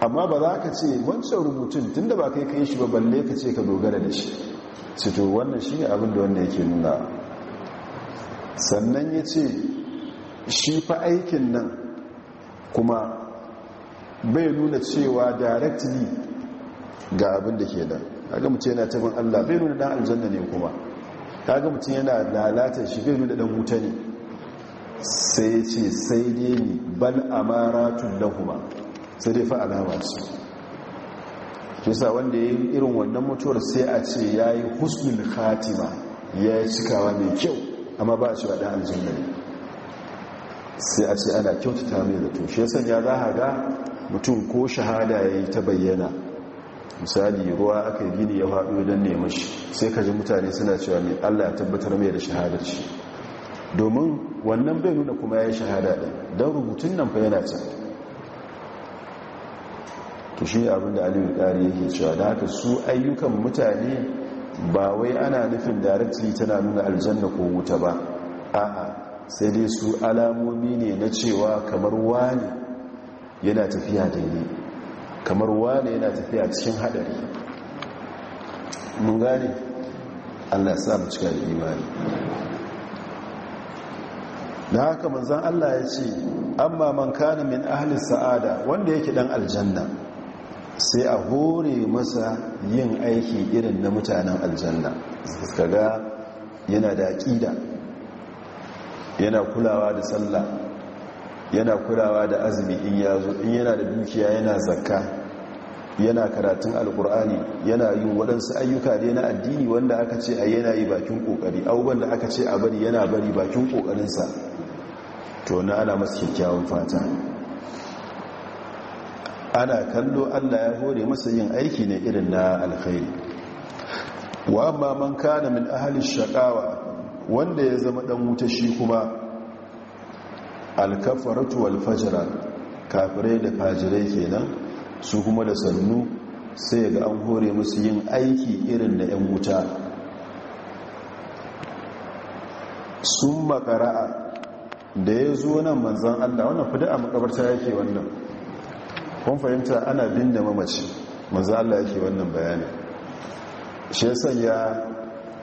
amma ba za ka ce wancan rubutun tunda ba kai kai shi ba balle ka ce ka dogara da shi su to wannan shi ne abin da wanda yake nuna sannan ya ce shi fa aikin nan kuma bai nuna cewa directly ga abin da ke nan a mace yana tabin allah bai nuna dan aljanna ne kuma ga mutum yana lalata shi bai da ɗan wuta ne sai ce sai dai ni bal amaratun lahuma sai dai fa alama su kisa wanda ya yi irin wannan mutuwar sai a ce ya yi husnul khatima ya yi cikawa mai kyau amma ba a ce waɗa aljanna ne sai a ce ana kyautata mai da tushe sanya za a ga mutum ko shahada ya yi ta bayyana misali ruwa aka yi gini ya haɗu don nemi shi sai ka ji mutane suna cewa mai allah ya tabbatar mai da shahadar shi domin wannan bai nuna kuma ya yi shahada ɗin don rubutun nan fa yana can to shi abin da aliyu ƙari yake cewa da haka su ayyukan mutane ba wai ana nufin yi tana nuna aljanna ko wuta ba a'a sai dai su alamomi ne na cewa kamar wani yana tafiya daidai kamar wane yana tafiya cikin hadari mun gane allah ya mu cika da imani da haka manzan allah ya ce amma man kana min ahalin sa'ada wanda yake dan aljanna sai a hore masa yin aiki irin na mutanen aljanna kaga yana da aƙida yana kulawa da sallah yana kulawa da azumi in ya zo in yana da dukiya yana zakka yana karatun alkur'ani yana yi waɗansu ayyuka ne na addini wanda aka ce a yana yi bakin ƙoƙari abubuwan da aka ce a bari yana bari bakin ƙoƙarinsa to na ana masu kyakkyawan fata ana kallo allah ya hore masa yin aiki ne irin na alkhairi wa amma man kana min ahalin shakawa wanda ya zama ɗan wuta shi kuma alkafaratu alfajira kafirai da fajirai kenan su kuma da sannu sai ga an hore musu yin aiki irin da 'yan wuta sun makara'a da ya zo nan manzan allah wannan fi a makabarta yake wannan kun fahimta ana bin da mamaci manzan allah yake wannan bayani shi ya sanya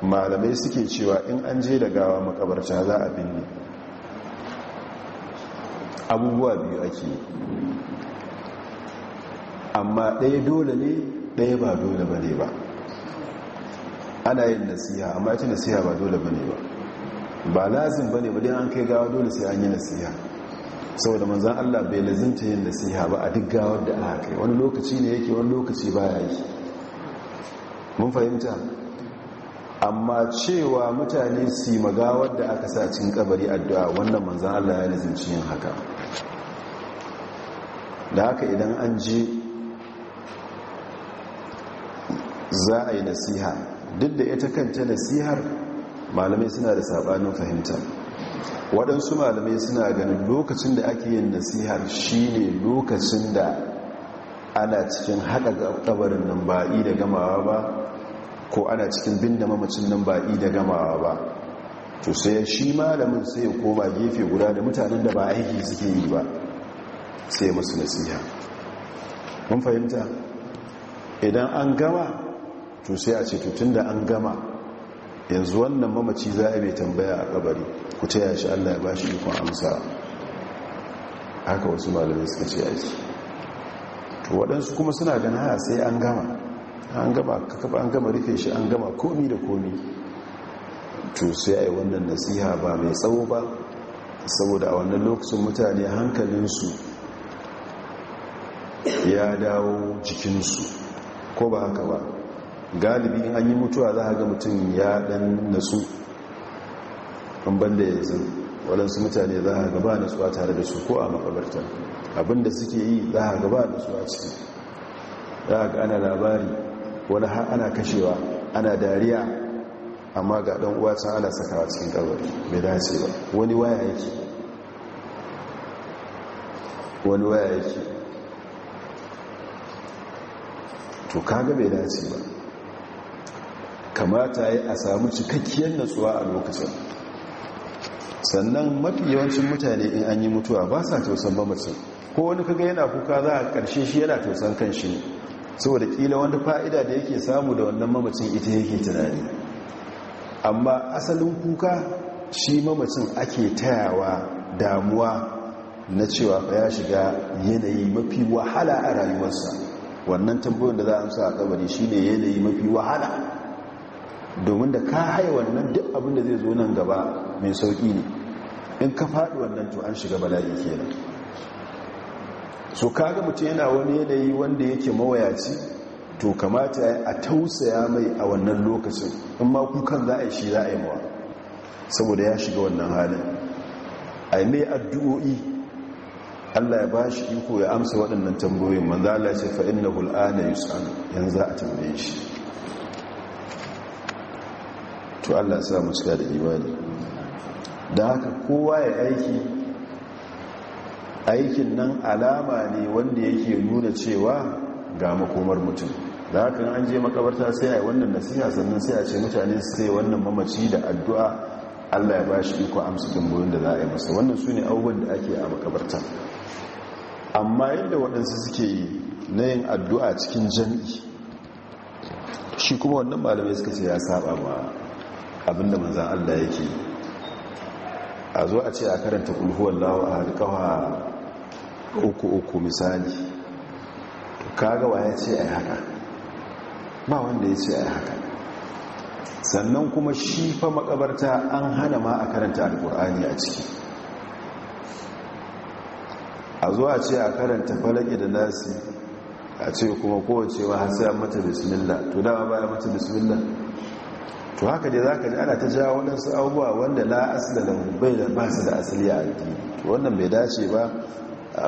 malamai suke cewa in an je da gawa makabarta za a binne abubuwa biyu ake amma ɗaya dole ne ɗaya ba dole ba ne ba ana yin nasiha amma ita nasiha ba dole ba ne ba ba lazim ba ne ba dai an kai gawa dole sai an yi nasiha saboda manzan allah bai lazimta yin nasiha ba a duk gawar da aka kai wani lokaci ne yake wani lokaci ba ya yi mun fahimta amma cewa mutane su yi magawar da aka sa cikin kabari addu'a wannan manzan allah ya lazimci yin haka da haka idan an ji za a yi nasiha duk da ita kanta nasihar malamai suna da sabanin fahimta waɗansu malamai suna ganin lokacin da ake yin nasihar shine lokacin da ana cikin haɗa ƙabarin nan ba'i da gamawa ba ko ana cikin bin da mamacin nan ba'i da gamawa ba to sai shi malamin sai ya koma gefe guda da mutanen da ba aiki suke yi ba sai masu nasiha mun fahimta idan an gama to sai a ce tutun da an gama yanzu wannan mamaci za a mai tambaya a kabari ku ta shi allah ya ba shi ikon amsa haka wasu malamai suka ce a aiki to waɗansu kuma suna gana haya sai an gama an gama kakaba an gama rufe shi an gama komi da komi to sai a yi wannan nasiha ba mai tsawo ba saboda a wannan lokacin mutane hankalinsu ya dawo jikinsu ko ba haka ba galibi an yi mutuwa za a ga mutum ya dan nasu an banda yanzu waɗansu mutane za a gaba su a tare da su ko a makabarta abinda suke yi za a gaba su a ciki za a ga ana labari wani har ana kashewa ana dariya amma ga ɗan uwacin ana sakawa cikin kabari bai dace ba wani waya yake wani waya yake to kaga bai dace ba kamata ya a samu cikakkiyar natsuwa a lokacin sannan mafi yawancin mutane in an yi mutuwa ba sa tausan mamacin ko wani kaga yana kuka za a karshe shi yana tausan kan shi ne saboda kila wani fa'ida da yake samu da wannan mamacin ita yake tunani amma asalin kuka shi mamacin ake tayawa damuwa na cewa ya shiga yanayi mafi wahala a rayuwarsa wannan tambayon da za a amsa a kabari shine yanayi mafi wahala domin da ka haye wannan duk abin da zai zo nan gaba mai sauki ne in ka faɗi wannan to an shiga bala'i kenan so kaga mutum yana wani yanayi wanda yake mawayaci to kamata a tausaya mai a wannan lokacin in ma kukan za a yi shi za a yi mawa saboda ya shiga wannan halin a mai addu'o'i Allah ya bashi iko ya amsa waɗannan tambayoyin manzo Allah ya ce fa innahu al'ana yus'alu yanzu a tambaye shi to Allah ya sa mu cika da imani dan haka kowa ya aiki aikin nan alama ne wanda yake nuna cewa ga makomar mutum da haka an je makabarta sai a wannan nasiha sannan sai a ce mutane su sai wannan mamaci da addu'a Allah ya bashi shi iko amsa tambayoyin da za a yi masa wannan sune ne abubuwan da ake a makabarta amma yadda waɗansu suke yi na yin addu'a cikin jami'i shi kuma wannan malamai suka ce ya saba ma abinda manzan Allah yake a zo a ce a karanta kulhuwar lawa a harkawa uku uku misali kagawa ya ce a yi haka ba wanda ya ce a yi haka sannan kuma shi fa makabarta an hana ma a karanta alkur'ani a ciki a zuwa ce a karanta falaki da nasi a ce kuma kowace wa hasi a mata bismillah to dama baya mata bismillah to haka dai zaka ji ana ta jawo waɗansu abubuwa wanda la asla da bai da ba su da asali a addini to wannan bai dace ba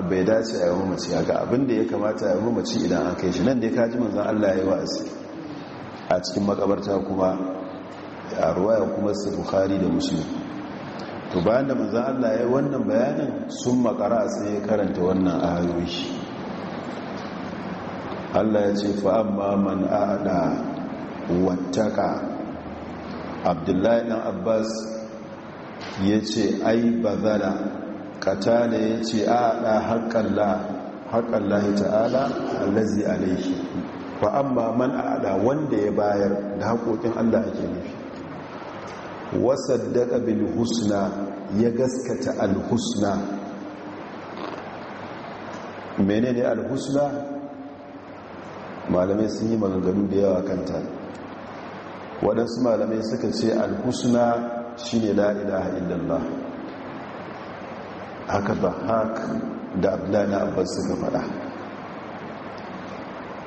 bai dace a yi mamaci haka abinda ya kamata a yi mamaci idan an kai shi nan da ya kaji manzan Allah ya yi wa'azi a cikin makabarta kuma a ruwaya kuma su bukhari da musulun to bayan da manzan Allah ya yi wannan bayanin sun makara sai ya karanta wannan ayoyi Allah ya ce fa'amma man aɗa wattaka abdullahi ɗan abbas ya ce ai bazala katana ya ce aɗa haƙƙallahi ta'ala allazi alaihi fa'amma man aɗa wanda ya bayar da haƙoƙin Allah ake nufi wasaddaka bil husna ya gaskata al husna menene al husna malamai sun yi maganganu da yawa kanta waɗansu malamai suka ce al husna shine la ilaha illallah haka ba haka da abdullahi abbas suka faɗa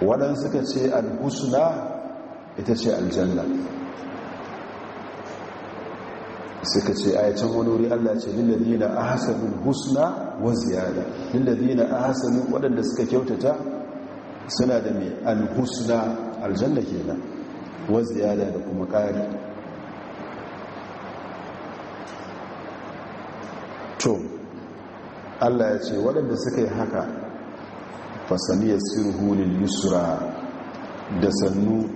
waɗansu suka ce al husna ita ce aljanna suka ce a can wani wuri allah ce lillazina a hasanin husna wa ziyada lillazina a hasanin waɗanda suka kyautata suna da mai alhusna aljanna kenan wa ziyada da kuma ƙari to allah ya ce waɗanda suka yi haka fasaniyar sirhulil yusra da sannu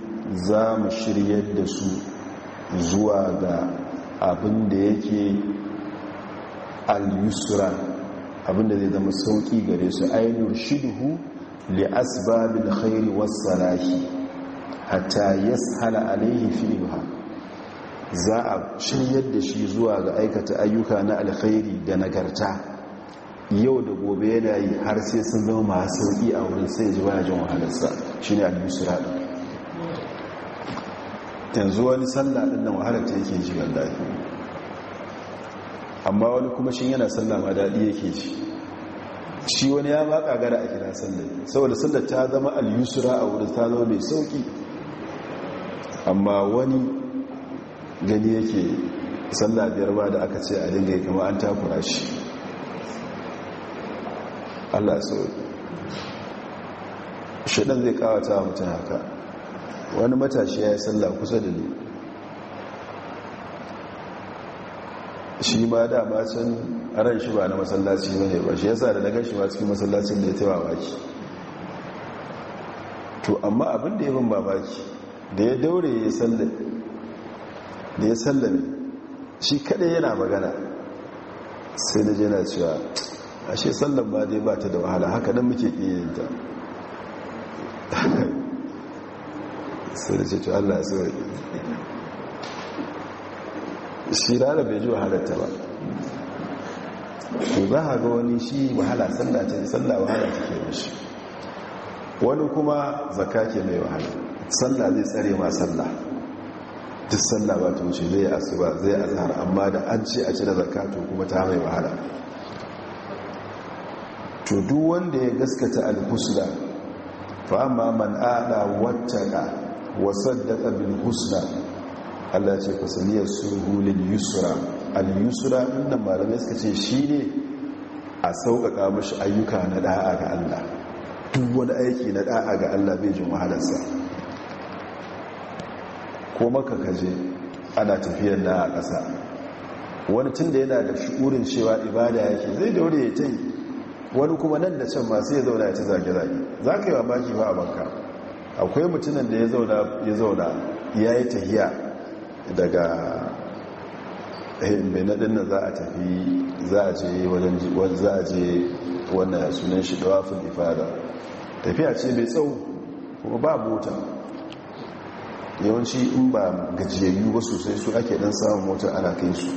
za mu shiryar da su zuwa ga abin da yake al-yusra abin da zai zama sauki gare su ainur shiduhu li asbabil khairi was-salahi hatta yashala alaihi fiha za a shiryar da shi zuwa ga aikata ayyuka na alkhairi da nagarta yau da gobe yana yi har sai sun zama masu sauki a wurin sai ji baya jin wahalarsa shine al-yusra yanzu wani sallah ɗin nan wahalar ta yake ji wallahi amma wani kuma shi yana sallah ma daɗi yake ji shi wani ya baka gara a kira sallah saboda sallah ta zama al-yusra a wurin ta zama mai sauki amma wani gani yake sallah biyar ba da aka ce a dinga ya kama an takura shi Allah sauki shaɗan zai kawata mutum haka wani matashi ya yi sallah kusa da ni shi ma dama can aran shi ba na masallaci ne ba shi yasa da na shi ba cikin masallacin da ya taiwa baki to amma abin da ya ba baki da ya daure ya sallame da ya ne shi kadai yana magana sai da jana cewa ashe sallan ba dai ba ta da wahala haka nan muke iya yin ta sai da ce to allah tsori shi rana bai ji wahalarta ba to za a ga wani shi wahala sallah ce sallah wahala take shi. wani kuma zaka ke mai wahala sallah zai tsare ma sallah duk sallah ba ta wuce zai asuba zai azhar amma da an ce a cire to kuma ta mai wahala to duk wanda ya gaskata alhusna fa amma man ada wata wasaddaka bil husna Allah ce fasaliyar sulhu lil yusra al yusra inda malamai suka ce shine a sauƙaƙa mashi ayyuka na da'a ga Allah duk wani aiki na da'a ga Allah bai jin mahalarsa. ko maka kaje ana tafiyar da a ƙasa wani tun da yana da shi'urin cewa ibada yake zai daure ya ta'i wani kuma nan da can masu ya zauna ya ci zage-zage za ka yi wa baki ba a banka akwai mutumin da ya zauna ya yi tahiya daga eh, mai naɗin da za a tafi za a je wajen za a je wannan sunan shi da wafin ifada tafiya ce mai tsawo kuma ba mota yawanci in ba gajiyayyu ba sosai su ake dan samun mota ana kai su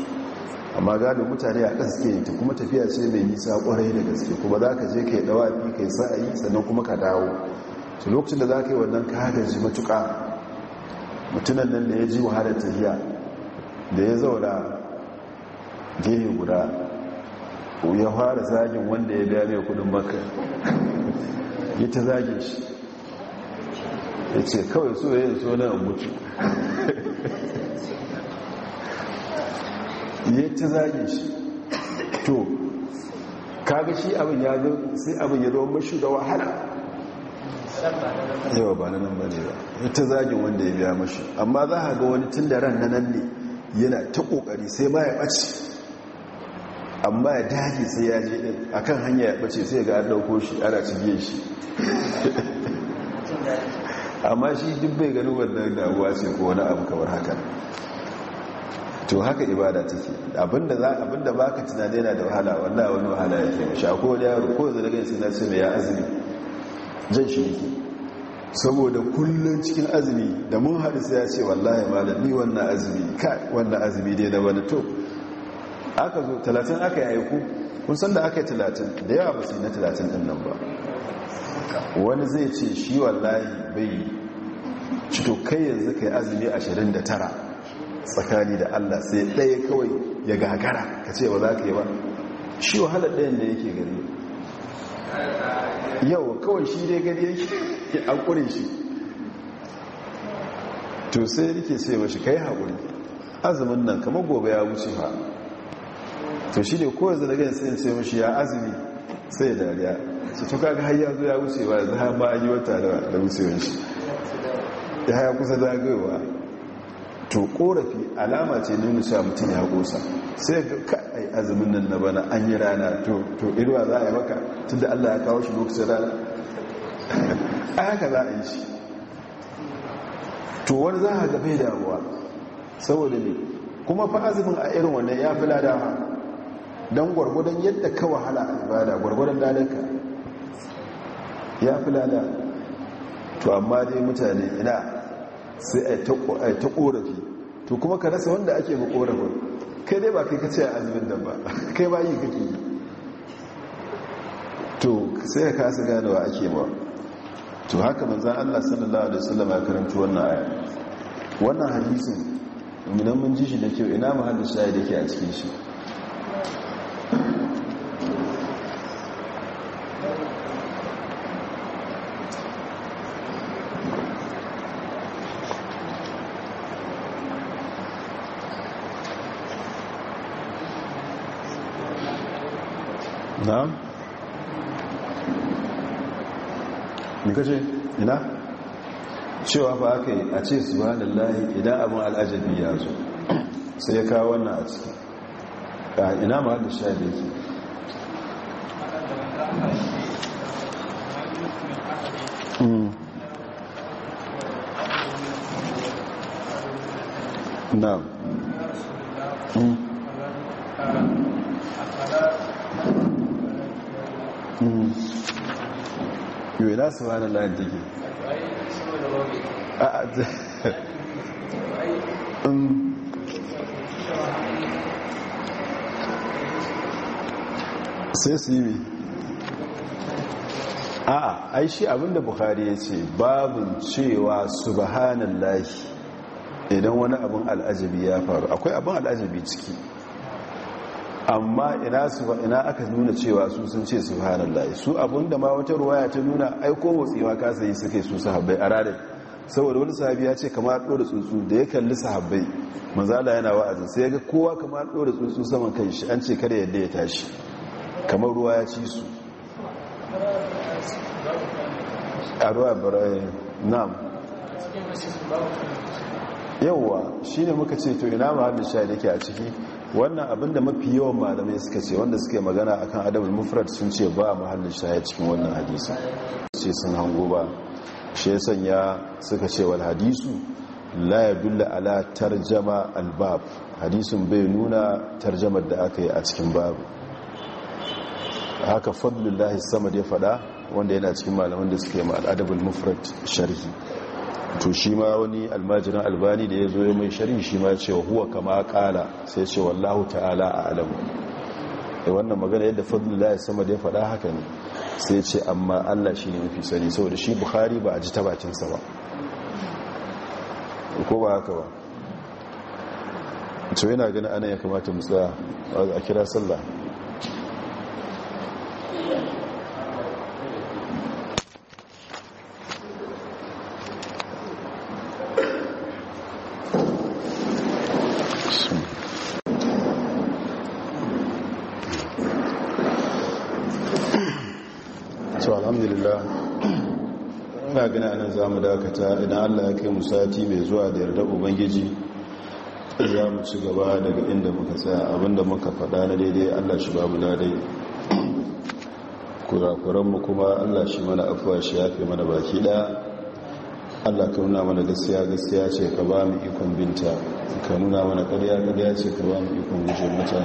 amma gado mutane a ɗan suke ta kuma tafiya ce mai nisa ƙwarai da gaske kuma za ka je ka yi ɗawafi ka yi sa'ayi sannan kuma ka dawo su lokacin da za ka yi wannan kagaji matuƙa mutunan nan da ya ji wahalar tafiya da ya zaura gehe guda ya fara zagin wanda ya biya mai kudin maka ya ta zagin shi ya ce kawai so ya so na mutu ya ta zagin shi to kaga shi abin ya zo sai abin ya zo mashi da wahala yawa ba nan ba ne ba ita zagin wanda ya biya mashi amma za a ga wani tun da ran nan ne yana ta kokari sai ma ya ɓace amma ya daji sai ya je ɗin a kan hanya ya ɓace sai ga ɗauko shi ana cige shi amma shi duk bai gani na damuwa ce ko wani abu kawar haka to haka ibada take abinda za abinda baka tunani yana da wahala wanda wani wahala yake mashi akwai wani yaro ko yanzu daga sai na mai ya azumi Zan shi yake saboda kullum cikin azumi da mun haɗu sai ya ce wallahi malami wannan azumi ka wannan azumi dai da wani to aka zo talatin aka yi ku kun san da aka yi talatin da yawa ba su yi na talatin ɗin nan ba wani zai ce shi wallahi bai cito kai yanzu ka azumi ashirin da tara tsakani da allah sai ɗaya kawai ya gagara ka ce ba za ka yi ba shi wahalar ɗayan da yake gari yau kawai shi dai gari yake an kure shi to sai rike sai mashi kai haƙuri azumin nan kamar gobe ya wuce fa to shi ne kowace daga yin sai sai mashi ya azumi sai dariya su tuka ga har ya ya wuce ba za ma an yi wata da wucewan shi ya haya kusa zagayowa to korafi alama ce nuna nusa mutum ya gosa sai ga kaɗai azumin nan na bana an yi rana to irwa za a yi maka tunda Allah ya kawo shi lokacin rana a haka za a yi shi to wani za a gafe damuwa saboda ne kuma fa azumin a irin wannan ya fi ladawa don gwargwadon yadda ka wahala a ibada gwargwadon dalinka ya fi lada to amma dai mutane ina sai a ta korafi to kuma ka rasa wanda ake ba korafin kai dai ba kai ka ce a azumin nan ba kai ba yi kake yi to sai ka kasa ganawa ake ba to haka manzan allah sallallahu alaihi wasallam ya karanci wannan aya wannan hadisin idan mun ji shi da kyau ina mahallin da ke a cikin shi ne kace ina cewa fa aka yi a ce subhanallahi idan abin al'ajabi ya zo sai ya kawo wannan a ciki a ina ma da sha da yake hmm. na'am A'a, a ah, ah, um, ah, ai shi abinda buhari ya ce babin cewa subhanallahi idan wani abin al'ajabi ya faru akwai abin al'ajabi ciki amma ina su ina aka nuna cewa su sun ce subhanallahi su abinda ma wata ruwaya ta nuna aiko motsi ma kasa yi suke su sahabbai a ranar saboda wani sahabi ya ce kama ɗora tsuntsu da ya kalli sahabbai manzala yana wa'azin sai ga kowa kama ɗora tsuntsu saman kan shi an ce kada yadda ya tashi kamar ruwa ya ci su a ruwa eh, yauwa shi muka ce to ina mahallin sha yake a ciki wannan abinda mafi yawan malamai suka ce wanda suke magana akan adabul mufrad sun ce ba mahallin shahid cikin wannan hadisi sai sun hango ba shi sanya suka ce wal hadisu la yadulla ala tarjama al bab hadisin bai nuna tarjamar da aka yi a cikin babu haka fadlullahi samad ya fada wanda yana cikin malamai da suke ma adabul mufrad sharhi to shi ma wani almajirin albani da ya zo ya mai shari shi ma ce huwa kama kala sai ce wallahu ta'ala a alamu da eh, wannan magana yadda fadlullah sama da ya faɗa haka ne sai ce amma allah shi ne mafi sani saboda shi buhari ba a ji ta bakinsa ba ko ba haka ba to yana gani ana ya kamata mu tsaya a kira sallah ina gani nan za mu dakata idan allah ya kai mu sati mai zuwa da yarda ubangiji za mu ci gaba daga inda muka tsaya abinda muka faɗa na daidai allah shi babu na dai kurakuranmu kuma allah shi mana afuwa shi ya fi mana baki ɗaya allah ka nuna mana gaskiya gaskiya ce ka ba mu ikon binta ka nuna mana ƙarya ƙarya ce ka ba mu ikon guje mata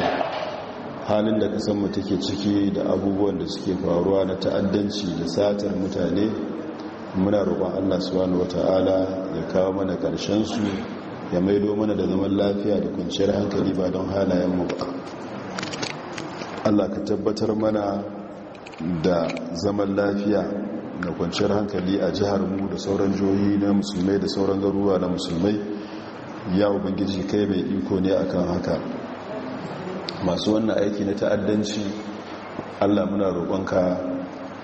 halin da kasanmu take ciki da abubuwan da suke faruwa na ta'addanci da satar mutane muna roƙon allah subhanahu wata'ala ya kawo mana ƙarshen su ya maido mana da zaman lafiya da kwanciyar hankali ba don halayenmu ba allah ka tabbatar mana da zaman lafiya da kwanciyar hankali a jihar mu da sauran joyi na musulmai da sauran garuruwa na musulmai ya ubangiji kai mai iko ne akan haka masu wannan aiki na ta'addanci allah muna roƙonka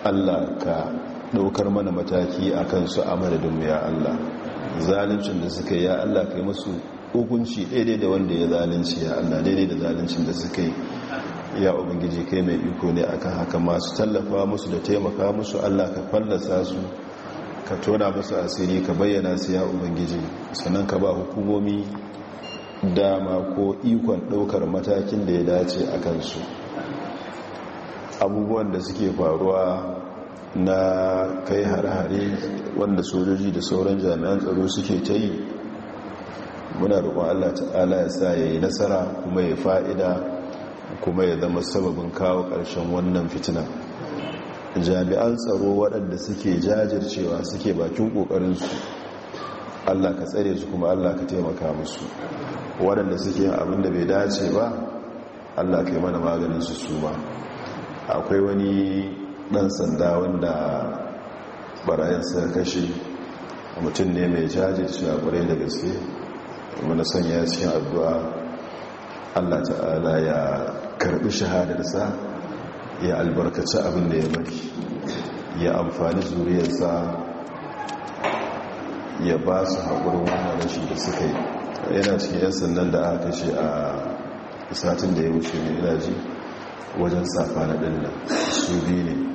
allah ka daukar mana mataki a kansu a madadin ya Allah zaluncin da suka yi ya Allah kai masu hukunci daidai da wanda ya zalunci ya Allah daidai da zaluncin da suka yi ya ubangiji kai mai iko ne akan haka masu tallafa musu da taimaka musu Allah ka fallasa su ka tona musu asiri ka bayyana su ya ubangiji sannan ka ba hukumomi dama ko ikon ɗaukar matakin da ya dace a kansu abubuwan da suke faruwa na kai hare-hare wanda sojoji da sauran jami'an tsaro suke ta yi muna roƙon allah ta'ala ya sa ya yi nasara kuma ya fa'ida kuma ya zama sababin kawo ƙarshen wannan fitina jami'an tsaro waɗanda suke jajircewa suke bakin ƙoƙarinsu allah ka tsare su kuma allah ka taimaka musu waɗanda suke yin abin da bai dace ba allah ka yi mana su su ba akwai wani ɗan sanda wanda barayin ya kashe mutum ne mai jajircewa ƙwarai da gaske wani sanya cikin addu'a allah ta'ala ya karbi shahadarsa ya albarkaci abin da ya bari ya amfani zuriyarsa ya ba su haƙurin wannan rashin da suka yi yana cikin 'yan sannan da aka kashe a satin da ya wuce ne ina ji wajen safa na ɗin su biyu ne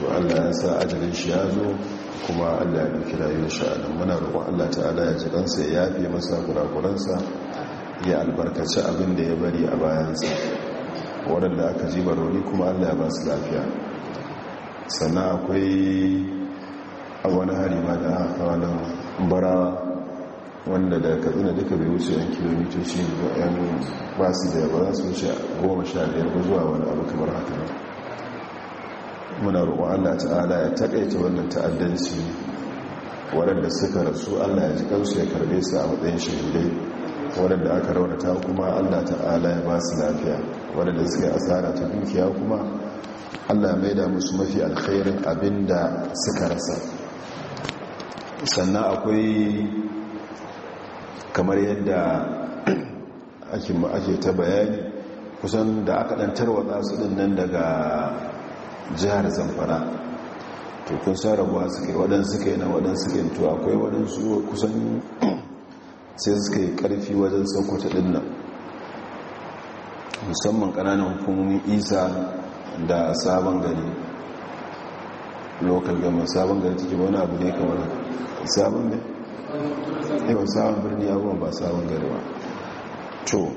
to allah ya sa ajalin shi ya zo kuma allah ya duki rayuwar sha'anin muna roƙon allah ta'ala ya ji ya yafe masa kurakuransa ya albarkaci abin da ya bari a bayansa waɗanda aka ji baroni kuma allah ya ba su lafiya sannan akwai a wani hari ma da aka wani bara wanda da katsina duka bai wuce yan kilomitoci ba su da ya ba za su wuce goma sha biyar ba zuwa wani abu kamar haka ne muna roƙon allah ta'ala ya taƙaita wannan ta'addanci waɗanda suka rasu allah ya ji kansu ya karɓe su a matsayin shahidai waɗanda aka raunata kuma allah ta'ala ya ba su lafiya waɗanda suka yi asara ta dukiya kuma allah mai da musu mafi alkhairin abin da suka rasa sannan akwai kamar yadda ake ta bayani kusan da aka ɗantarwa su ɗin nan daga jihar zamfara to kun sa rabuwa suke waɗansu suke na waɗansu suke to akwai waɗansu kusan sai suke karfi ƙarfi wajen saukota ɗin nan musamman ƙananan hukumomin isa da sabon gari lokal gama sabon gari cikin wani abu ne kamar sabon ne yawan eh, sabon birni abubuwan ba sabon gari ba to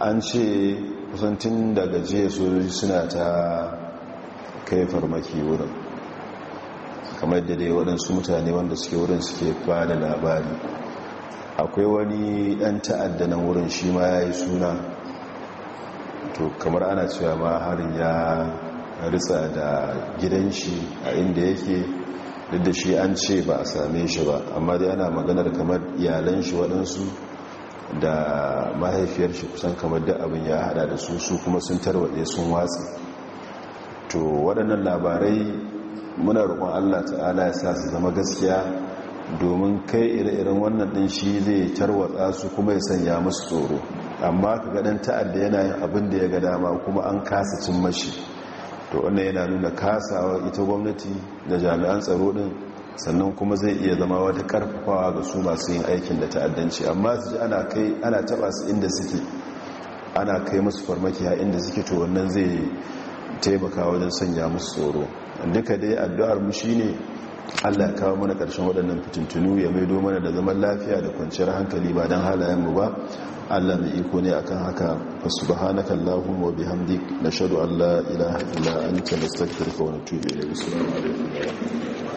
an ce kusantin daga jiya sojoji suna ta kai farmaki wurin kamar da dai waɗansu mutane wanda suke wurin suke fada labari akwai wani ɗan ta'adda nan wurin shi ma ya yi suna to kamar ana cewa ma harin ya ritsa da gidan shi a inda yake duk da shi an ce ba a same shi ba amma dai ana maganar kamar iyalan shi waɗansu da mahaifiyar shi kusan kamar da abin ya haɗa da su su kuma sun tarwaɗe sun watsa. to waɗannan labarai muna roƙon allah ta'ala ya sa su zama gaskiya domin kai ire-iren wannan ɗin shi zai tarwatsa su kuma ya sanya musu tsoro amma ka gaɗin ta'adda yana yin abin da ya ga dama kuma an kasa cin mashi to wannan yana nuna kasawa ita gwamnati da jami'an tsaro ɗin sannan kuma zai iya zama wata ƙarfafawa ga su masu yin aikin da ta'addanci amma su ji ana kai ana taɓa su inda suke ana kai musu farmaki a inda suke to wannan zai taimaka wajen sanya musu tsoro duka dai addu'ar mu shine Allah ya kawo mana ƙarshen waɗannan fitintunu ya maido mana da zaman lafiya da kwanciyar hankali ba don mu ba Allah mai iko ne akan haka fa subhanaka allahumma wa bihamdik nashhadu an la ilaha illa anta nastaghfiruka wa natubu ilayk assalamu alaikum